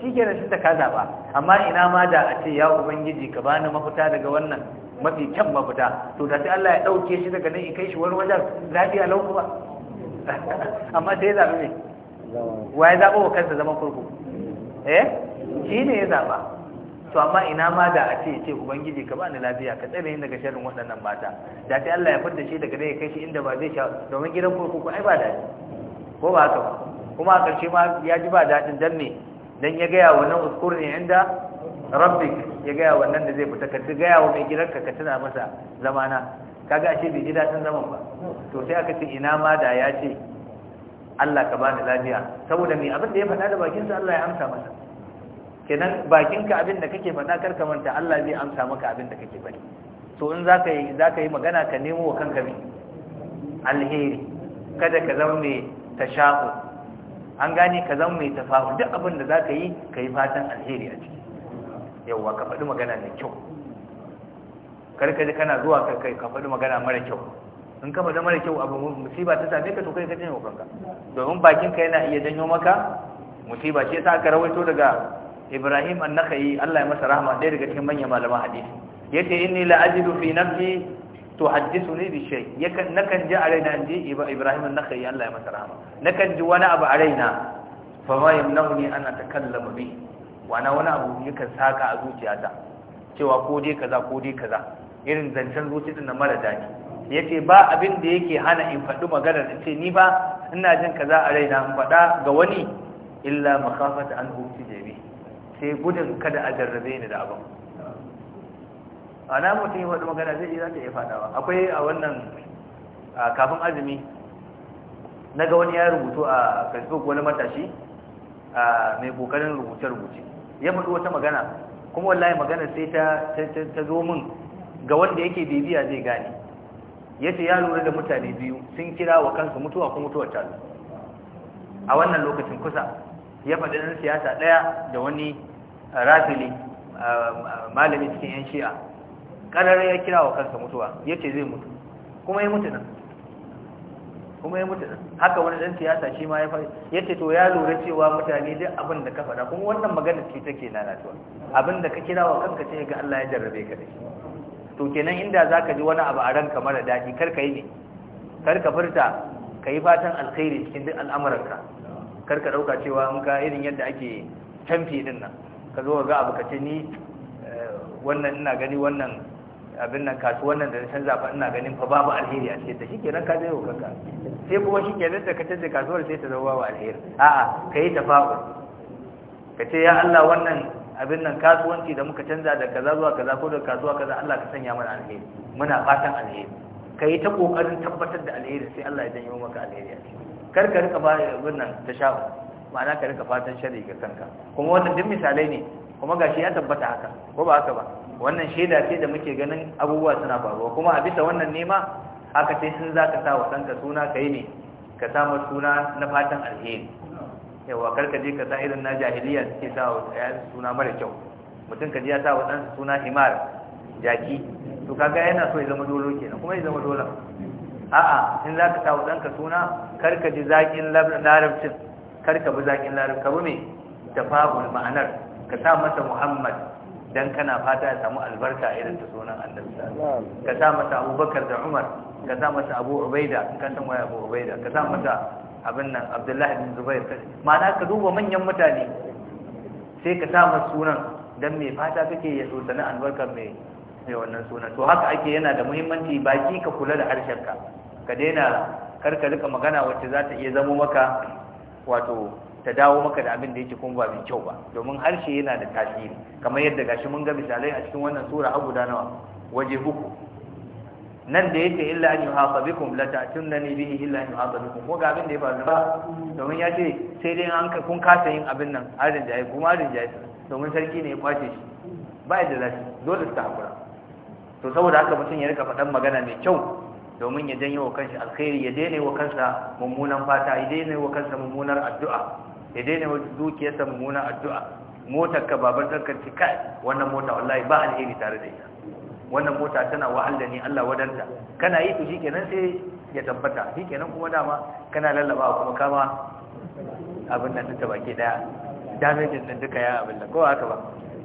shi ke da shi ta kaza ba amma ina ma da a ce ya ubangiji ka bani mafita daga wannan mafi kyan mafita to da sai Allah ya dauke shi daga nan ya kai shi wani wajen lafiya lau ba amma sai ya ne waye zaɓa wa kansa zaman kurku eh shi ne ya zaɓa to amma ina ma da a ce ce ubangiji ka ba ni lafiya ka tsare daga sharrin waɗannan mata da sai Allah ya fadda shi daga dai kai shi inda ba zai sha domin gidan farko-ko ai ba da ko ba haka ba kuma a ƙarshe ma ya ji ba daɗin dan ne. dan ya gaya wannan uskur ne inda rabbik ya gaya wannan da zai fita ka ci gaya wa mai gidanka ka tuna masa zamana kaga ashe bai ji daɗin zaman ba to sai aka ce ina ma da ya ce Allah ka bani lafiya saboda me abin da ya faɗa da bakinsa Allah ya amsa masa kenan bakinka abin da kake faɗa kar ka manta Allah zai amsa maka abin da kake faɗi to in zaka yi zaka yi magana ka nemo wa kanka me alheri kada ka zama mai tasha'u an gane ka zama mai tafahu duk abin da zaka yi ka yi fatan alheri a ciki yawwa ka faɗi magana mai kyau kar ka ji kana zuwa ka kai ka faɗi magana mara kyau in ka zama mara kyau abu musiba ta same ka to kai ka janyo wa kanka domin bakin ka yana iya janyo maka musiba shi yasa aka rawaito daga Ibrahim an yi Allah ya masa rahama ɗaya daga cikin manyan malaman hadisi yace inni la ajidu fi nafsi tuhaddithuni bi shay yakan nakan ji a raina inji Ibrahim an yi Allah ya masa rahama nakan ji wani abu a raina fa ma ta an atakallama bi wana wani abu yakan saka a zuciyata cewa ko dai kaza ko dai kaza irin zancen zuciyar na mara daɗi Ya ce ba abin da yake hana in faɗi magana da ce ni ba ina jin ka za a raina in faɗa ga wani illa makhafata an da bi sai gudun kada a jarrabe ni da abin ana mutum yi faɗi magana zai iya ta iya faɗawa akwai a wannan kafin azumi na ga wani ya rubutu a facebook wani matashi mai kokarin rubuce-rubuce ya faɗi wata magana kuma wallahi magana sai ta zo min ga wanda yake bibiya zai gane yace ya lura da mutane biyu sun kira wa kansu mutuwa ko mutuwar ta a wannan lokacin kusa ya faɗi ɗan siyasa ɗaya da wani uh, rafili uh, malami cikin yan shi'a ƙararra ya kira wa kansa mutuwa yace zai mutu kuma ya mutu nan kuma ya mutu haka wani dan siyasa shi ma ya ya yace to ya lura cewa mutane duk abin da ka faɗa kuma wannan magana ce take lalatuwa abin da ka kira wa kanka ce ga Allah ya jarrabe ka da shi to kenan inda zaka ji wani abu a ranka mara daɗi kar ka yi ne kar ka furta ka yi fatan alkhairi cikin duk al'amuranka kar ka ɗauka cewa in ka irin yadda ake canfi din nan ka zo ga abu ka ce ni eh, wannan ina gani wannan abin nan kasuwan nan da na canza fa ina ganin fa babu alheri a cikin ta kenan ka zai kanka sai kuma kenan da ka canza kasuwar sai ta zama babu alheri a'a ka yi tafa'ul ka ce ya Allah wannan abin nan kasuwanci da muka canza da kaza zuwa kaza ko da kasuwa kaza Allah ka sanya mana alheri muna fatan alheri ka ta kokarin tabbatar da alheri sai Allah ya janyo maka alheri kar ka rika ba abin nan ta shafa ma'ana ka rika fatan shari ga kanka kuma wannan duk misalai ne kuma gashi ya tabbata haka ko ba haka ba wannan shaida ce da muke ganin abubuwa suna faruwa kuma a bisa wannan nema haka sai sun zaka sa wa kanka suna kai ne ka samu suna na fatan alheri yawa karka je ka sa irin na jahiliya suke sa wa suna mara kyau mutum ka je ya sa wa ɗan suna himar jaki to kaga yana so ya zama dolo kenan kuma ya zama dole a'a in za ka sa wa ɗanka suna karka ji zaƙin larabcin karka bi zaƙin larabcin ka bi me tafahul ma'anar ka sa masa muhammad dan kana fata ya samu albarka irin ta sunan annabi ka sa masa abubakar da umar ka sa masa abu ubaida ka san waye abu ubaida ka sa masa abin nan abdullahi bin zubair ma'ana ka duba manyan mutane sai ka sa sunan don mai fata kake ya na albarkar mai mai wannan sunan to haka ake yana da muhimmanci baki ka kula da harshenka ka daina karka rika magana wacce za ta iya zamo maka wato ta dawo maka da abin da yake kuma ba mai kyau ba domin harshe yana da tasiri kamar yadda gashi mun ga misalai a cikin wannan sura a guda nawa waje uku nan da yake illa an yi yuhaqa bikum na ta'tunani bihi illa an yi yuhaqa bikum ko ga abin da ya faru ba domin ya ce sai dai an kun kasa yin abin nan arin jaye kuma arin jaye domin sarki ne ya kwace shi ba yadda za shi dole su ta hakura to saboda haka mutum ya rika faɗan magana mai kyau domin ya janyo wa kanshi alkhairi ya daina wa kansa mummunan fata ya daina wa kansa mummunar addu'a ya daina wa dukiyarsa mummunar addu'a motar ka babar tsarkar ci kai wannan mota wallahi ba alheri tare da ita wannan mota tana wahala ne Allah wadanta kana yi to shikenan sai ya tabbata shikenan kuma dama kana lallaba kuma kama abin nan ta baki daya damajin din duka ya abin da. ko haka ba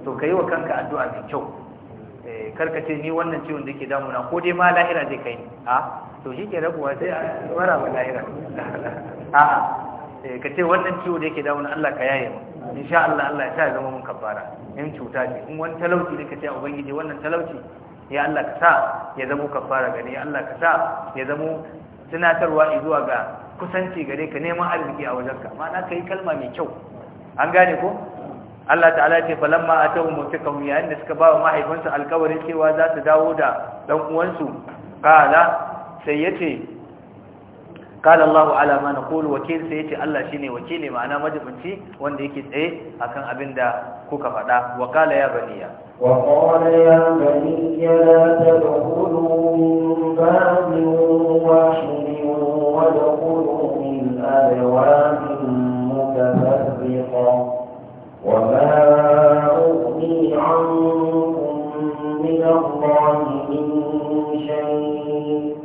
to kai wa kanka addu'a mai kyau eh karka ce ni wannan ciwon da yake damuna ko dai ma lahira zai kai ni a ah, to shikenan kuwa sai a wara wa lahira a'a eh ka ce wannan ciwo da yake damuna Allah ka yaye mu insha Allah Allah ya sa zama mun kafara in cuta ce in wani talauci ne ka ce ubangiji wannan talauci ya Allah ka sa ya zamo kafara gari ya Allah ka sa ya zamo tunatarwa zuwa ga kusanci gare ka neman arziki a wajenka ma'ana kai kalma mai kyau an gane ko Allah ta'ala ce falamma atahu mutakum yayin da suka ba wa mahaifinsu alƙawarin cewa za su dawo da dan uwansu kala sai yace قال الله على ما نقول وكيل سيتي الله شيني وكيلي معنا مجبنتي وان ديكي تسعي أكن أبن دا كوكا فدا وقال يا بني وقال يا بني لا تدخلوا من باب واحد وادخلوا من أبواب متفرقة وما أغني عنكم من الله من شيء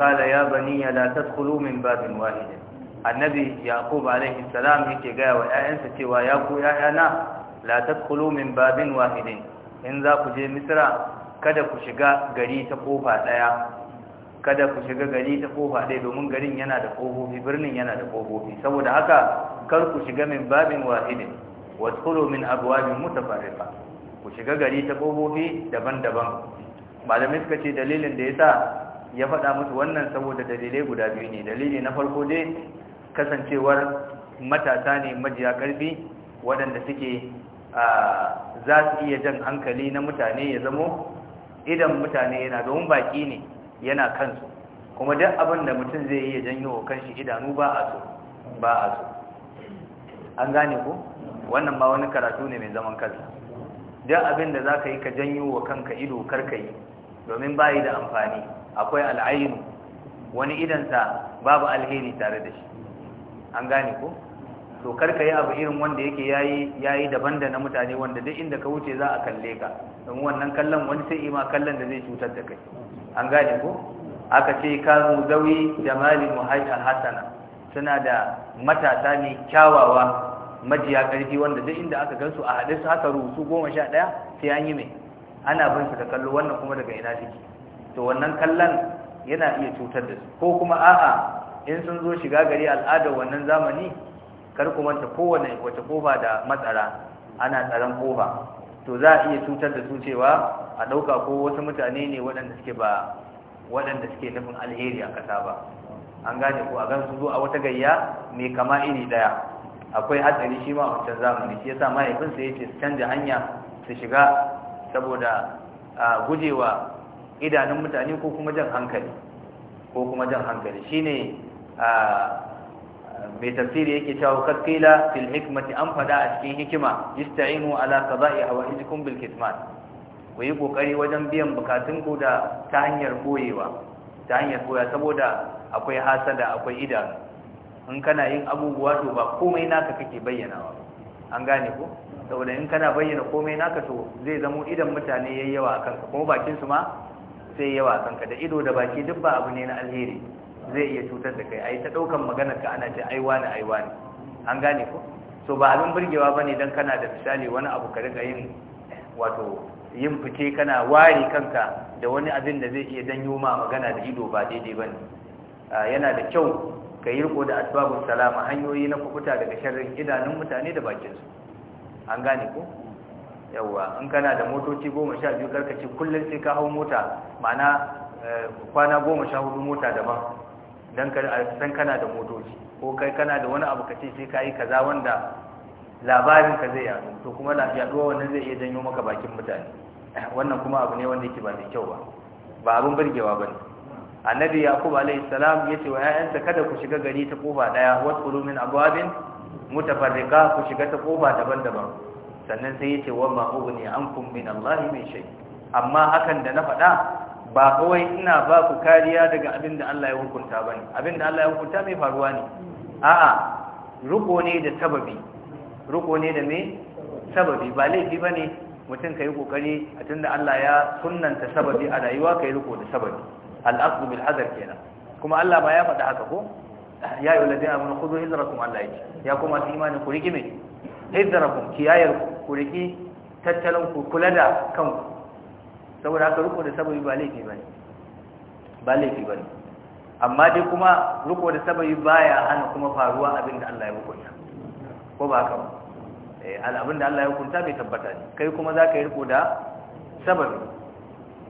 Kala ya bani la tadkhulu min babin wahid annabi yaqub alaihi salam yake gaya wa 'ya'yansa cewa ya ku 'ya'yana la tadkhulu min babin wahid in za ku je misra kada ku shiga gari ta kofa daya kada ku shiga gari ta kofa daya domin garin yana da kofofi birnin yana da kofofi saboda haka kar ku shiga min babin wahid wadkhulu min abwabin mutafarriqa ku shiga gari ta kofofi daban-daban malamai suka ce dalilin da yasa ya faɗa musu wannan saboda dalilai guda biyu ne dalili na farko dai kasancewar matasa ne majiya ƙarfi waɗanda suke za su iya jan hankali na mutane ya zamo idan mutane yana domin baƙi ne yana kansu kuma duk abin da mutum zai iya janyo wa kanshi idanu ba a so ba a so an gane ku. wannan ma wani karatu ne mai zaman kansa duk abin da za ka yi ka janyo wa kanka ido karkai yi domin bayi da amfani akwai al'ainu wani idansa babu alheri tare da shi an gane ko to karka yi abu irin wanda yake yayi yayi daban da na mutane wanda duk inda ka wuce za a kalle ka don wannan kallon wani sai ima kallon da zai cutar da kai an gane ko aka ce kanu zawi da mali muhajjal hasana suna da matasa ne kyawawa majiya karfi wanda duk inda aka gansu a haɗe su haka rusu goma sha ɗaya sai an yi mai ana bin su da kallo wannan kuma daga ina take to wannan kallon yana iya cutar da su ko kuma a'a in sun zo shiga gari al'adar wannan zamani kar ku manta kowane wata kofa da matsara ana tsaron kofa to za a iya cutar da su cewa a ɗauka ko wasu mutane ne waɗanda suke ba waɗanda suke nufin alheri a ƙasa ba an gane ko a gan su zo a wata gayya mai kama iri ɗaya akwai hatsari shi ma a wancan zamani shi yasa mahaifinsa ya ce su canja hanya su shiga saboda gujewa idanun mutane ko kuma jan hankali ko kuma jan hankali shine mai tafsiri yake cewa kaskila fil hikmati an fada a cikin hikima yasta'inu ala qada'i hawaijikum bil kitman ku yi kokari wajen biyan bukatun ku da ta hanyar boyewa ta hanyar boya saboda akwai hasada akwai ida in kana yin abubuwa to ba komai naka kake bayyanawa an gane ko saboda in kana bayyana komai naka to zai zamo idan mutane yayyawa yawa akan ka kuma bakin su ma sai yawa a kanka da ido da baki duk ba abu ne na alheri zai iya cutar da kai ai ta ɗaukan maganar ka ana ce aiwa ne aiwa ne an gane ko so ba abin burgewa bane dan kana da misali wani abu ka riga yin wato yin fice kana ware kanka da wani abin da zai iya danyo ma magana da ido ba daidai bane yana da kyau ka yi riko da asbabun salama hanyoyi na kukuta daga sharrin idanun mutane da bakinsu an gane ko yawa in kana da motoci goma sha biyu karkace kullum sai ka hau mota ma'ana eh, kwana goma sha hudu mota daban don san kana da motoci ko kai kana da wani abu kace sai ka yi kaza wanda labarin ka zai yadu to kuma yaduwa wannan zai iya janyo maka bakin mutane eh, wannan kuma abu ne wanda yake ba da kyau ba ba abin burgewa ba ne annabi yaqub alayhi salam yace wa ƴaƴansa kada ku shiga gari ta kofa daya wasqulu min abwabin mutafarriqa ku shiga ta kofa daban-daban sannan sai yace wa ma ughni ankum min Allah min shay amma hakan da na faɗa ba kawai ina ba ku kariya daga abin da Allah ya hukunta bane abin da Allah ya hukunta mai faruwa ne a'a ruko ne da sababi ruko ne da me sababi ba laifi bane mutum kai kokari a tunda Allah ya sunnanta sababi a rayuwa kai ruko da sababi al-aqd bil hadar kenan kuma Allah ba ya faɗa haka ko ya yi ladina amanu khudhu hidrakum Allah ce. ya kuma imani ku rigime me kiyayarku ku riki tattalin ku kula da kanku saboda haka ruko da sababi ba laifi bane ba laifi bane amma dai kuma ruko da sababi baya hana kuma faruwa abin da Allah ya hukunta ko ba haka ba eh abin da Allah ya hukunta bai tabbata ne kai kuma zaka yi ruko da sababi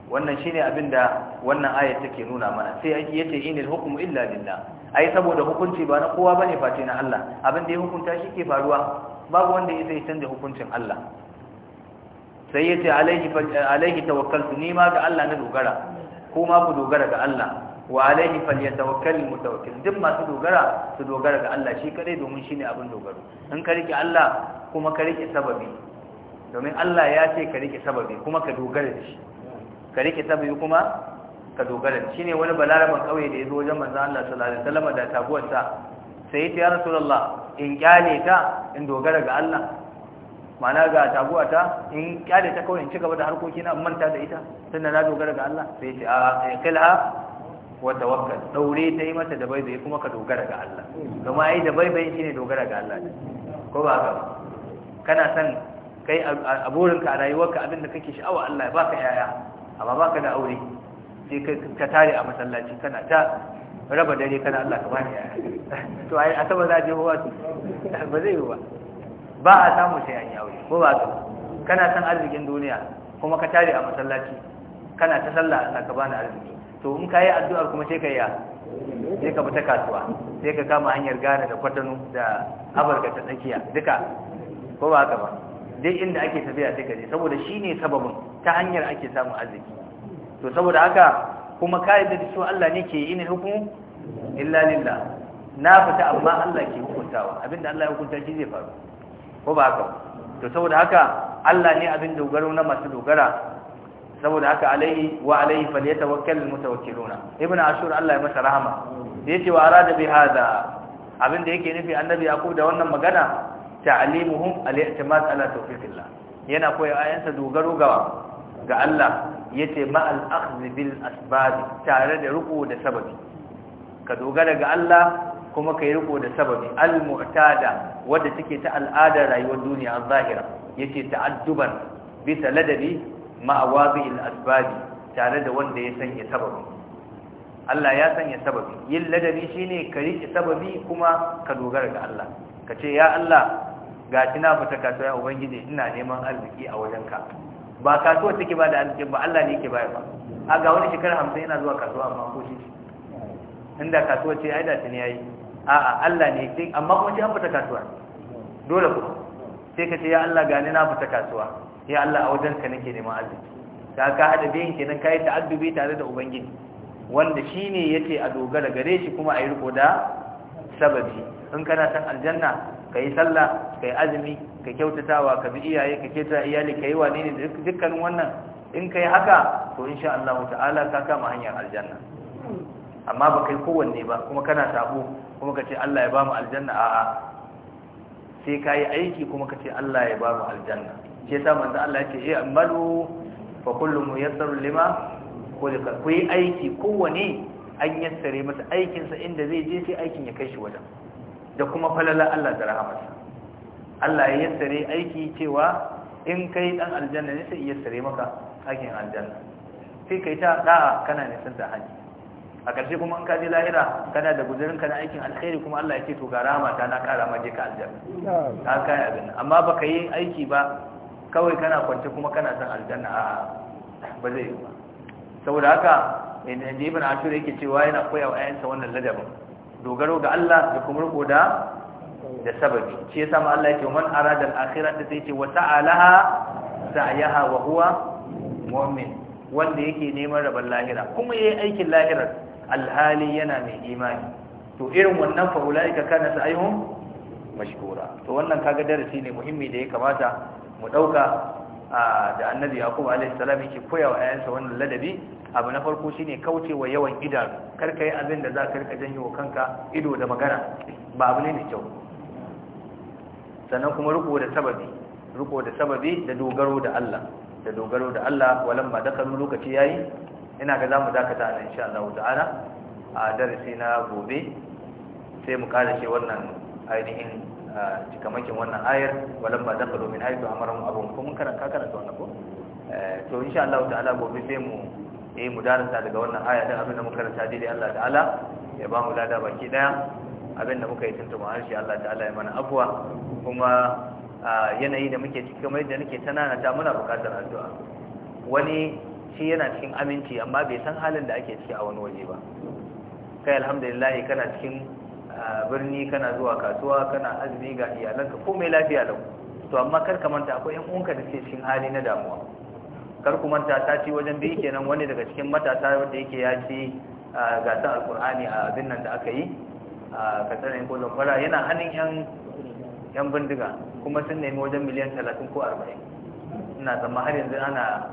wannan shine abin da wannan aya take nuna mana sai ake yace inil hukmu illa lillah ai saboda hukunci ba na kowa bane face na Allah abin da ya hukunta shi ke faruwa babu wanda ya sai canza hukuncin Allah sai ya alaihi alaihi tawakkaltu ni ma ga Allah na dogara ko ma ku dogara ga Allah wa alaihi falyatawakkal mutawakkil duk masu dogara su dogara ga Allah shi kadai domin shine abin dogaro in ka rike Allah kuma ka rike sababi domin Allah ya ce ka rike sababi kuma ka dogara da shi ka rike sababi kuma ka dogara shine wani balaraban kauye da ya zo wajen manzo Allah sallallahu alaihi wasallam da tabuwarsa. sai ya rasulullah in kyale ta in dogara ga Allah mana ga taguwa ta in kyale ta kawai in ci gaba da harkoki na manta da ita da na dogara ga Allah sai ya a eh, kila wata wakka daure ta yi mata da baibai kuma ka dogara ga Allah kuma ai da baibai ne dogara ga Allah ko ba ka kana san kai a burinka a rayuwarka abinda kake sha'awa Allah ba ka yaya amma ka da aure sai ka tare a masallaci kana ta raba dare kana Allah ka bani to ai a saboda je huwa ba zai yi ba ba a samu sai an yawo ko ba ka kana san arzikin duniya kuma ka tare a masallaci kana ta sallah Allah ka bani arziki to in kai addu'ar kuma sai kai ya sai ka fita kasuwa sai ka kama hanyar Gara da Kwatano da Abarka ta tsakiya duka ko ba ka ba duk inda ake tafiya sai ka je saboda shine sababin ta hanyar ake samun arziki to saboda haka kuma ka yadda da cewa Allah ne ke yi ne hukumu illa lillah na fita amma Allah ke hukuntawa abinda Allah ya hukunta shi zai faru ko ba haka to saboda haka Allah ne abin dogaro na masu dogara saboda haka alaihi wa alaihi falyatawakkal mutawakkiluna ibn ashur Allah ya masa rahama da yace wa arada bi hada abin da yake nufi annabi yaqub da wannan magana ta'limuhum al-i'timad ala tawfiqillah yana koyar ayansa dogaro ga ga Allah yace ma'al al-akhdh bil asbab tare da riko da sababi ka dogara ga Allah kuma kai riko da sababi al-mu'tada wadda take ta al'adar rayuwar duniya zahira yace ta'adduban bisa ladabi ma'awazi il al tare da wanda ya sanya sababi Allah ya sanya sababi yin ladabi shine ka rike sababi kuma ka dogara ga Allah kace ya Allah ga na fita kasuwa ubangiji ina neman arziki a wajenka ba kasuwar take ba da alƙin ba Allah ne yake bayar ba a ga wani shekara hamsin yana zuwa kasuwa amma ko shi inda kasuwar ce ai da ne yayi a'a Allah ne yake amma kuma sai an fita kasuwa dole ku sai ka ce ya Allah gani na fita kasuwa ya Allah a wajen ka nake neman arziki ka ka hada biyan kenan kai ta'addubi tare da ubangiji wanda shine yake a dogara gare shi kuma a yi riko da sababi in kana san aljanna ka yi sallah ka yi azumi ka kyautatawa ka bi iyaye ka keta iyali ka yi wa ne dukkanin wannan in ka yi haka to insha Allah ta'ala ka kama hanyar aljanna amma ba kai kowanne ba kuma kana sabo kuma ka ce Allah ya ba mu aljanna a'a sai ka yi aiki kuma ka ce Allah ya ba mu aljanna ke sa manzo Allah ya ce eh amalu fa kullu muyassar lima khuliqa ku aiki kowanne an yassare masa aikinsa inda zai je sai aikin ya kai shi wajen da kuma falala Allah da rahamarsa Allah ya yassare aiki cewa in kai dan aljanna ne sai ya yassare maka aikin aljanna sai kai ta da'a kana san da haji a ƙarshe kuma in ka je lahira kana da gudurin kana aikin alkhairi kuma Allah ya ce to ga rahama ta na kara maka ka aljanna ka kai abin amma baka yi aiki ba kawai kana kwance kuma kana san aljanna a ba zai yi ba saboda haka inda ibn ashur yake cewa yana koyawa ayyansa wannan ladabin dogaro ga Allah da kuma riko da da sababi shi yasa ma Allah yake man arada al-akhirata zai ce wa ta'alaha sa'yaha wa huwa mu'min wanda yake neman rabon lahira kuma yayi aikin lahirar alhali yana mai imani to irin wannan fa ulaika kana sa'ihum mashkura to wannan kaga darasi ne muhimmi da ya kamata mu dauka da annabi yaqub alaihi salam yake koyawa ayansa wannan ladabi abu na farko shine kaucewa yawan idanu karka yi abin da za ka rika janyo kanka ido da magana ba abu ne mai kyau sannan kuma riko da sababi riko da sababi da dogaro da Allah da dogaro da Allah walan da kallon lokaci yayi ina ga zamu dakata a insha Allah ta'ala a darasi na gobe sai mu kare shi wannan ainihin cikamakin wannan ayar walan ba dakalo min haitu mu abun ko mun karanta karanta wannan ko eh, to insha Allah ta'ala gobe sai mu eh mu darasa daga wannan aya abin da muka karanta dai Allah ta'ala ya ba mu lada baki daya abinda muka yi tuntuma harshe Allah ta'ala ya mana afwa kuma yanayi da muke ciki kamar yadda nake tanana ta muna bukatar addu'a wani shi yana cikin aminci amma bai san halin da ake ciki a wani waje ba kai alhamdulillah kana cikin a birni kana zuwa kasuwa kana azumi ga iyalanka komai lafiya lau to amma kar ka manta akwai yan uwanka da ke cikin hali na damuwa kar ku manta ta ci wajen biyu kenan wani daga cikin matasa wanda yake ya ci gasar alkur'ani a abin nan da aka yi a katsarin ko zamfara yana hannun yan yan bindiga kuma sun nemi wajen miliyan talatin ko arba'in ina zama har yanzu ana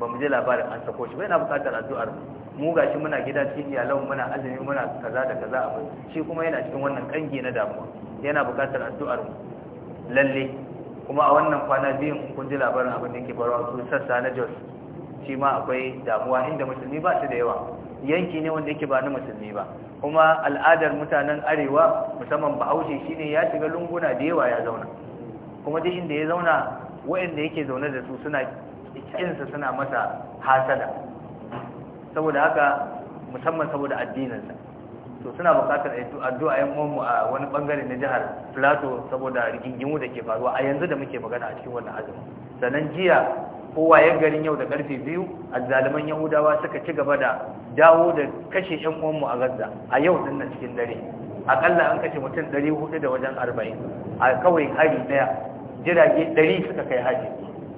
ba mu je labarin an sako shi ba yana bukatar addu'ar mu mu ga gashi muna gida cikin iyalan muna azumi muna kaza da kaza a shi kuma yana cikin wannan kangi na damuwa yana bukatar addu'ar mu lalle kuma a wannan kwana biyun kun ji labarin abin da yake faruwa su sassa na Jos shi ma akwai damuwa inda musulmi ba su da yawa yanki ne wanda yake ba na musulmi ba kuma al'adar mutanen arewa musamman bahaushe shine ya shiga lunguna da yawa ya zauna kuma duk inda ya zauna wa'inda yake zaune da su suna kinsa suna masa hasada saboda haka musamman saboda addininsa to suna bukatar addu'a yan uwanmu a wani bangare na jihar Plateau saboda rigingimu da ke faruwa a yanzu da muke magana a cikin wannan azumi sannan jiya kowa ya garin yau da karfe biyu a zaliman yahudawa suka ci gaba da dawo da kashe yan uwanmu a Gaza a yau din nan cikin dare akalla an kashe mutum ɗari hudu da wajen arba'in a kawai hari ɗaya jirage ɗari suka kai haji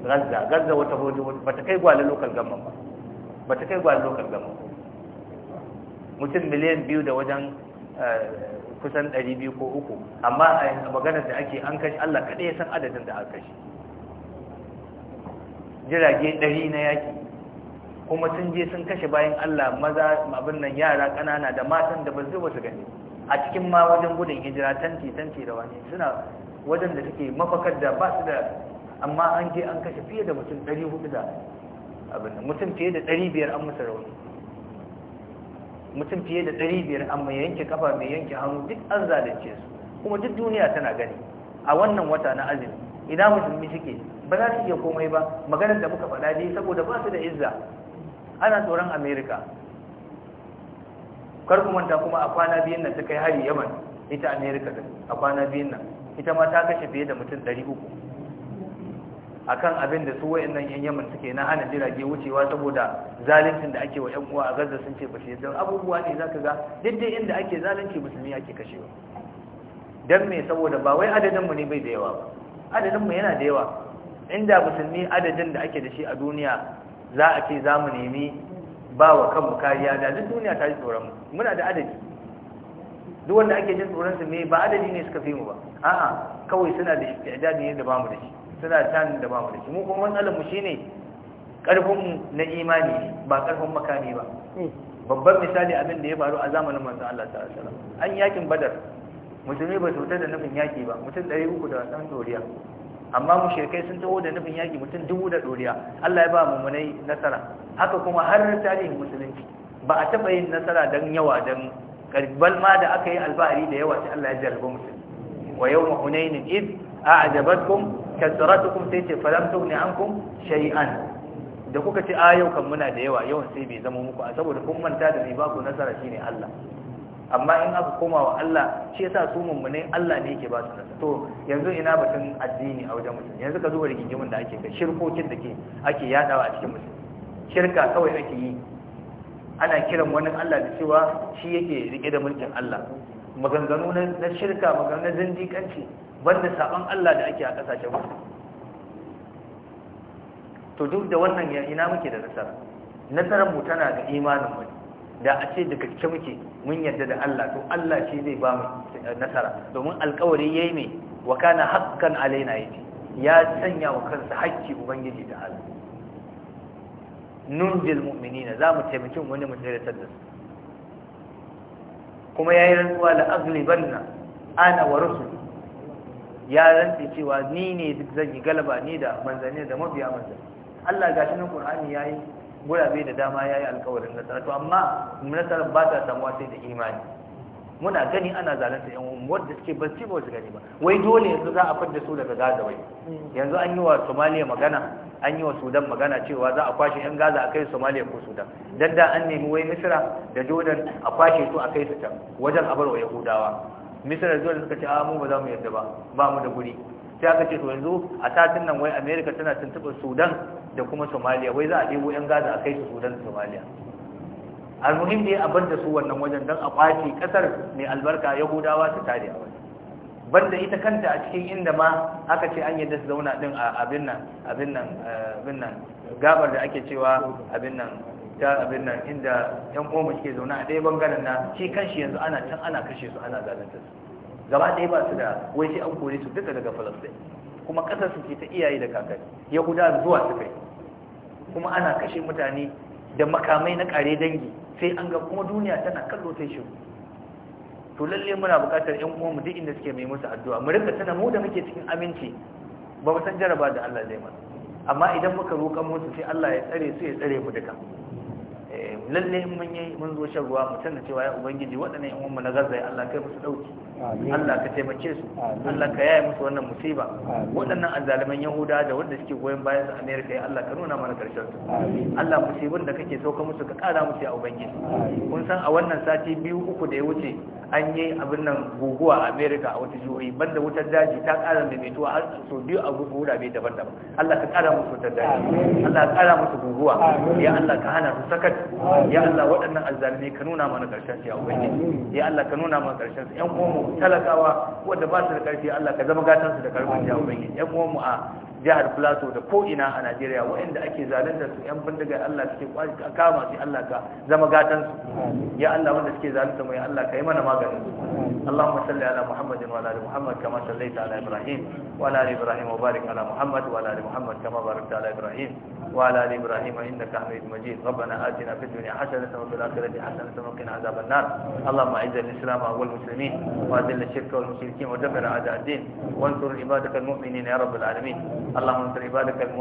Gaza Gaza wata hoji wata kai gwale lokal gamman ba ba ta kai gwazo gama mutum miliyan biyu da wajen eh, kusan ɗari biyu ko uku amma a maganar da ake an kashe Allah kaɗai ya san adadin da aka kashe jirage ɗari na yaƙi kuma sun je sun kashe bayan Allah maza abin nan yara ƙanana da matan da ba zai wasu gani a cikin ma wajen gudun hijira tanti tanti da wani suna wajen da suke mafakar da ba su da amma an je an kashe fiye da mutum ɗari hudu da abin mutum fiye da ɗari biyar an musu rauni mutum fiye da ɗari biyar an mai yanke kafa mai yanke hannu duk an zalunce su kuma duk duniya tana gani a wannan wata na azumi ina musulmi suke ba za su iya komai ba maganar da muka faɗa dai saboda ba su da izza ana tsoron amerika kar ku manta kuma a kwana biyun nan ta kai hari yaman ita amerika din a kwana biyun nan ita ma ta kashe fiye da mutum ɗari uku. akan abin da su wayannan yan yaman suke na hana jirage wucewa saboda zalincin da ake wa yan uwa a Gaza sun ce ba su yadda abubuwa ne zaka ga daidai inda ake zalunci musulmi ake kashewa dan me saboda ba wai adadin mu ne bai da yawa ba adadin mu yana da yawa inda musulmi adadin da ake da shi a duniya za a ce za mu nemi ba wa kanmu kariya da duk duniya ta ji tsoron mu muna da adadi duk wanda ake jin tsoron su me ba adadi ne suka fi mu ba a'a kawai suna da da ne da bamu da shi suna can da ba mu da shi mu kuma matsalar mu shine karfin na imani ne ba karfin makami ba hmm. babban misali abin da ya faru a zamanin manzo Allah sallallahu alaihi wasallam an yakin badar musulmi ba su fita da nufin yaki ba mutum 300 da san doriya amma mu shekai sun taho da nufin yaki mutum dubu da doriya Allah ya ba munai nasara haka kuma har tarihin musulunci ba a taba yin nasara dan yawa dan karbal ma da aka yi alfahari da yawa sai Allah ya jarraba mutum. wa yawma hunain id a'jabatkum kasratukum sai ce falam tughni ankum shay'an da kuka ce a yau kan muna da yawa yawan sai bai zama muku a saboda kun manta da mai ku nasara shine Allah amma in aka koma wa Allah shi yasa su mummunai Allah ne yake ba su nasara to yanzu ina batun addini a wajen mutum yanzu ka da rigingimin da ake ga shirkokin da ke ake yadawa a cikin mutum. shirka kawai ake yi ana kiran wani Allah da cewa shi yake rike da mulkin Allah maganganu na shirka maganganu na banda saban Allah da ake a kasashen mu to duk da wannan ya ina muke da nasara nasarar mu tana da imanin mu da a ce da gaske muke mun yarda da Allah to Allah shi zai ba mu eh, nasara domin alƙawari yayi mai wa kana haqqan alaina yaji ya sanya wa kansa hakki ubangiji da Allah nunjil mu'minina za mu taimaki wani mu da su kuma yi rantsuwa la aghlibanna ana wa ya rantsi cewa ni ne duk zan yi galaba ni da manzanni da mabiya manzanni Allah gashi nan Qur'ani yayi gurabe da dama yayi alƙawarin nasara to amma nasarar ba ta samuwa sai da imani muna gani ana zalunta yan uwan wanda suke ba su ba su gani ba wai dole yanzu za a fadda su daga Gaza wai yanzu an yi wa Somalia magana an yi wa Sudan magana cewa za a kwashe yan Gaza a kai Somalia ko Sudan dan da an nemi wai Misra da Jordan a kwashe su a kai su can wajen abarwa Yahudawa misra zuwa suka ce a ah, mu ba za mu yarda ba ba mu da guri sai aka ce to yanzu a satin nan wai america tana tuntuɓar sudan da kuma somalia wai za a ɗebo 'yan gaza a kai su sudan da somalia almuhim ne a banda su wannan wajen don a kwace kasar mai albarka yahudawa su tare a wani banda ita kanta a cikin inda ma aka ce an yadda su zauna din a abin abin nan eh, abin nan gabar da ake cewa abin nan ta abin nan inda yan goma ke zaune a ɗaya bangaren na shi kanshi yanzu ana can ana kashe su ana zalunta su gaba ɗaya ba su da wai sai an kore su duka daga falastin kuma ƙasar su ce ta iyaye da kakanni yahuda zuwa su kai kuma ana kashe mutane da makamai na ƙare dangi sai an ga kuma duniya tana kallo ta shi to lalle muna buƙatar ƴan uwanmu duk inda suke mai musu addu'a mu rika tana mu da muke cikin aminci ba mu san jaraba da Allah zai mana amma idan muka roƙan musu sai Allah ya tsare su ya tsare mu duka Eh, lalle mun yi mun zo shan ruwa mu cewa ya ubangiji waɗannan yan uwanmu na gaza Allah kai musu dauki Allah ka taimake su Allah ka yaye musu wannan musiba waɗannan azzaliman yahuda da wanda suke goyon bayan su America ya Allah ka nuna mana karshen su Allah musibin da kake sauka musu ka kara musu ya ubangiji kun san a wannan sati biyu uku da ya wuce an yi abin nan guguwa a america a wata jihohi banda wutar daji ta kara da mai tuwa har so biyu a gugu wurare daban-daban allah ka kara musu wutar daji allah ka kara musu guguwa ya allah ka hana su sakat ya allah waɗannan azzalimi ka nuna mana karshen su ya ubangi ya allah ka nuna mana karshen su yan uwanmu talakawa wanda ba su da karfi allah ka zama gatan su da karfin ya ubangi yan uwanmu a jihar plateau da ko'ina a najeriya waɗanda ake zalunta su 'yan bindigar allah suke kama su allah ka zama gatansu ya allah wanda suke zalunta mai allah ka yi mana maganin allahumma salli ala muhammadin wa ala muhammad kama sallaita ala ibrahim wa ala ibrahim wa barik ala muhammad wa ala muhammad kama barakta ala ibrahim wa ala ibrahim innaka hamidum majid rabbana atina fid dunya hasanatan wa fil akhirati hasanatan wa qina adhaban nar allahumma izz al-islam wal muslimin wa adhill ash-shirka wal mushrikeen wa dammir a'da ad-din wa ansur ibadaka al-mu'minin ya rabbal alamin Allah memberi ibadah ke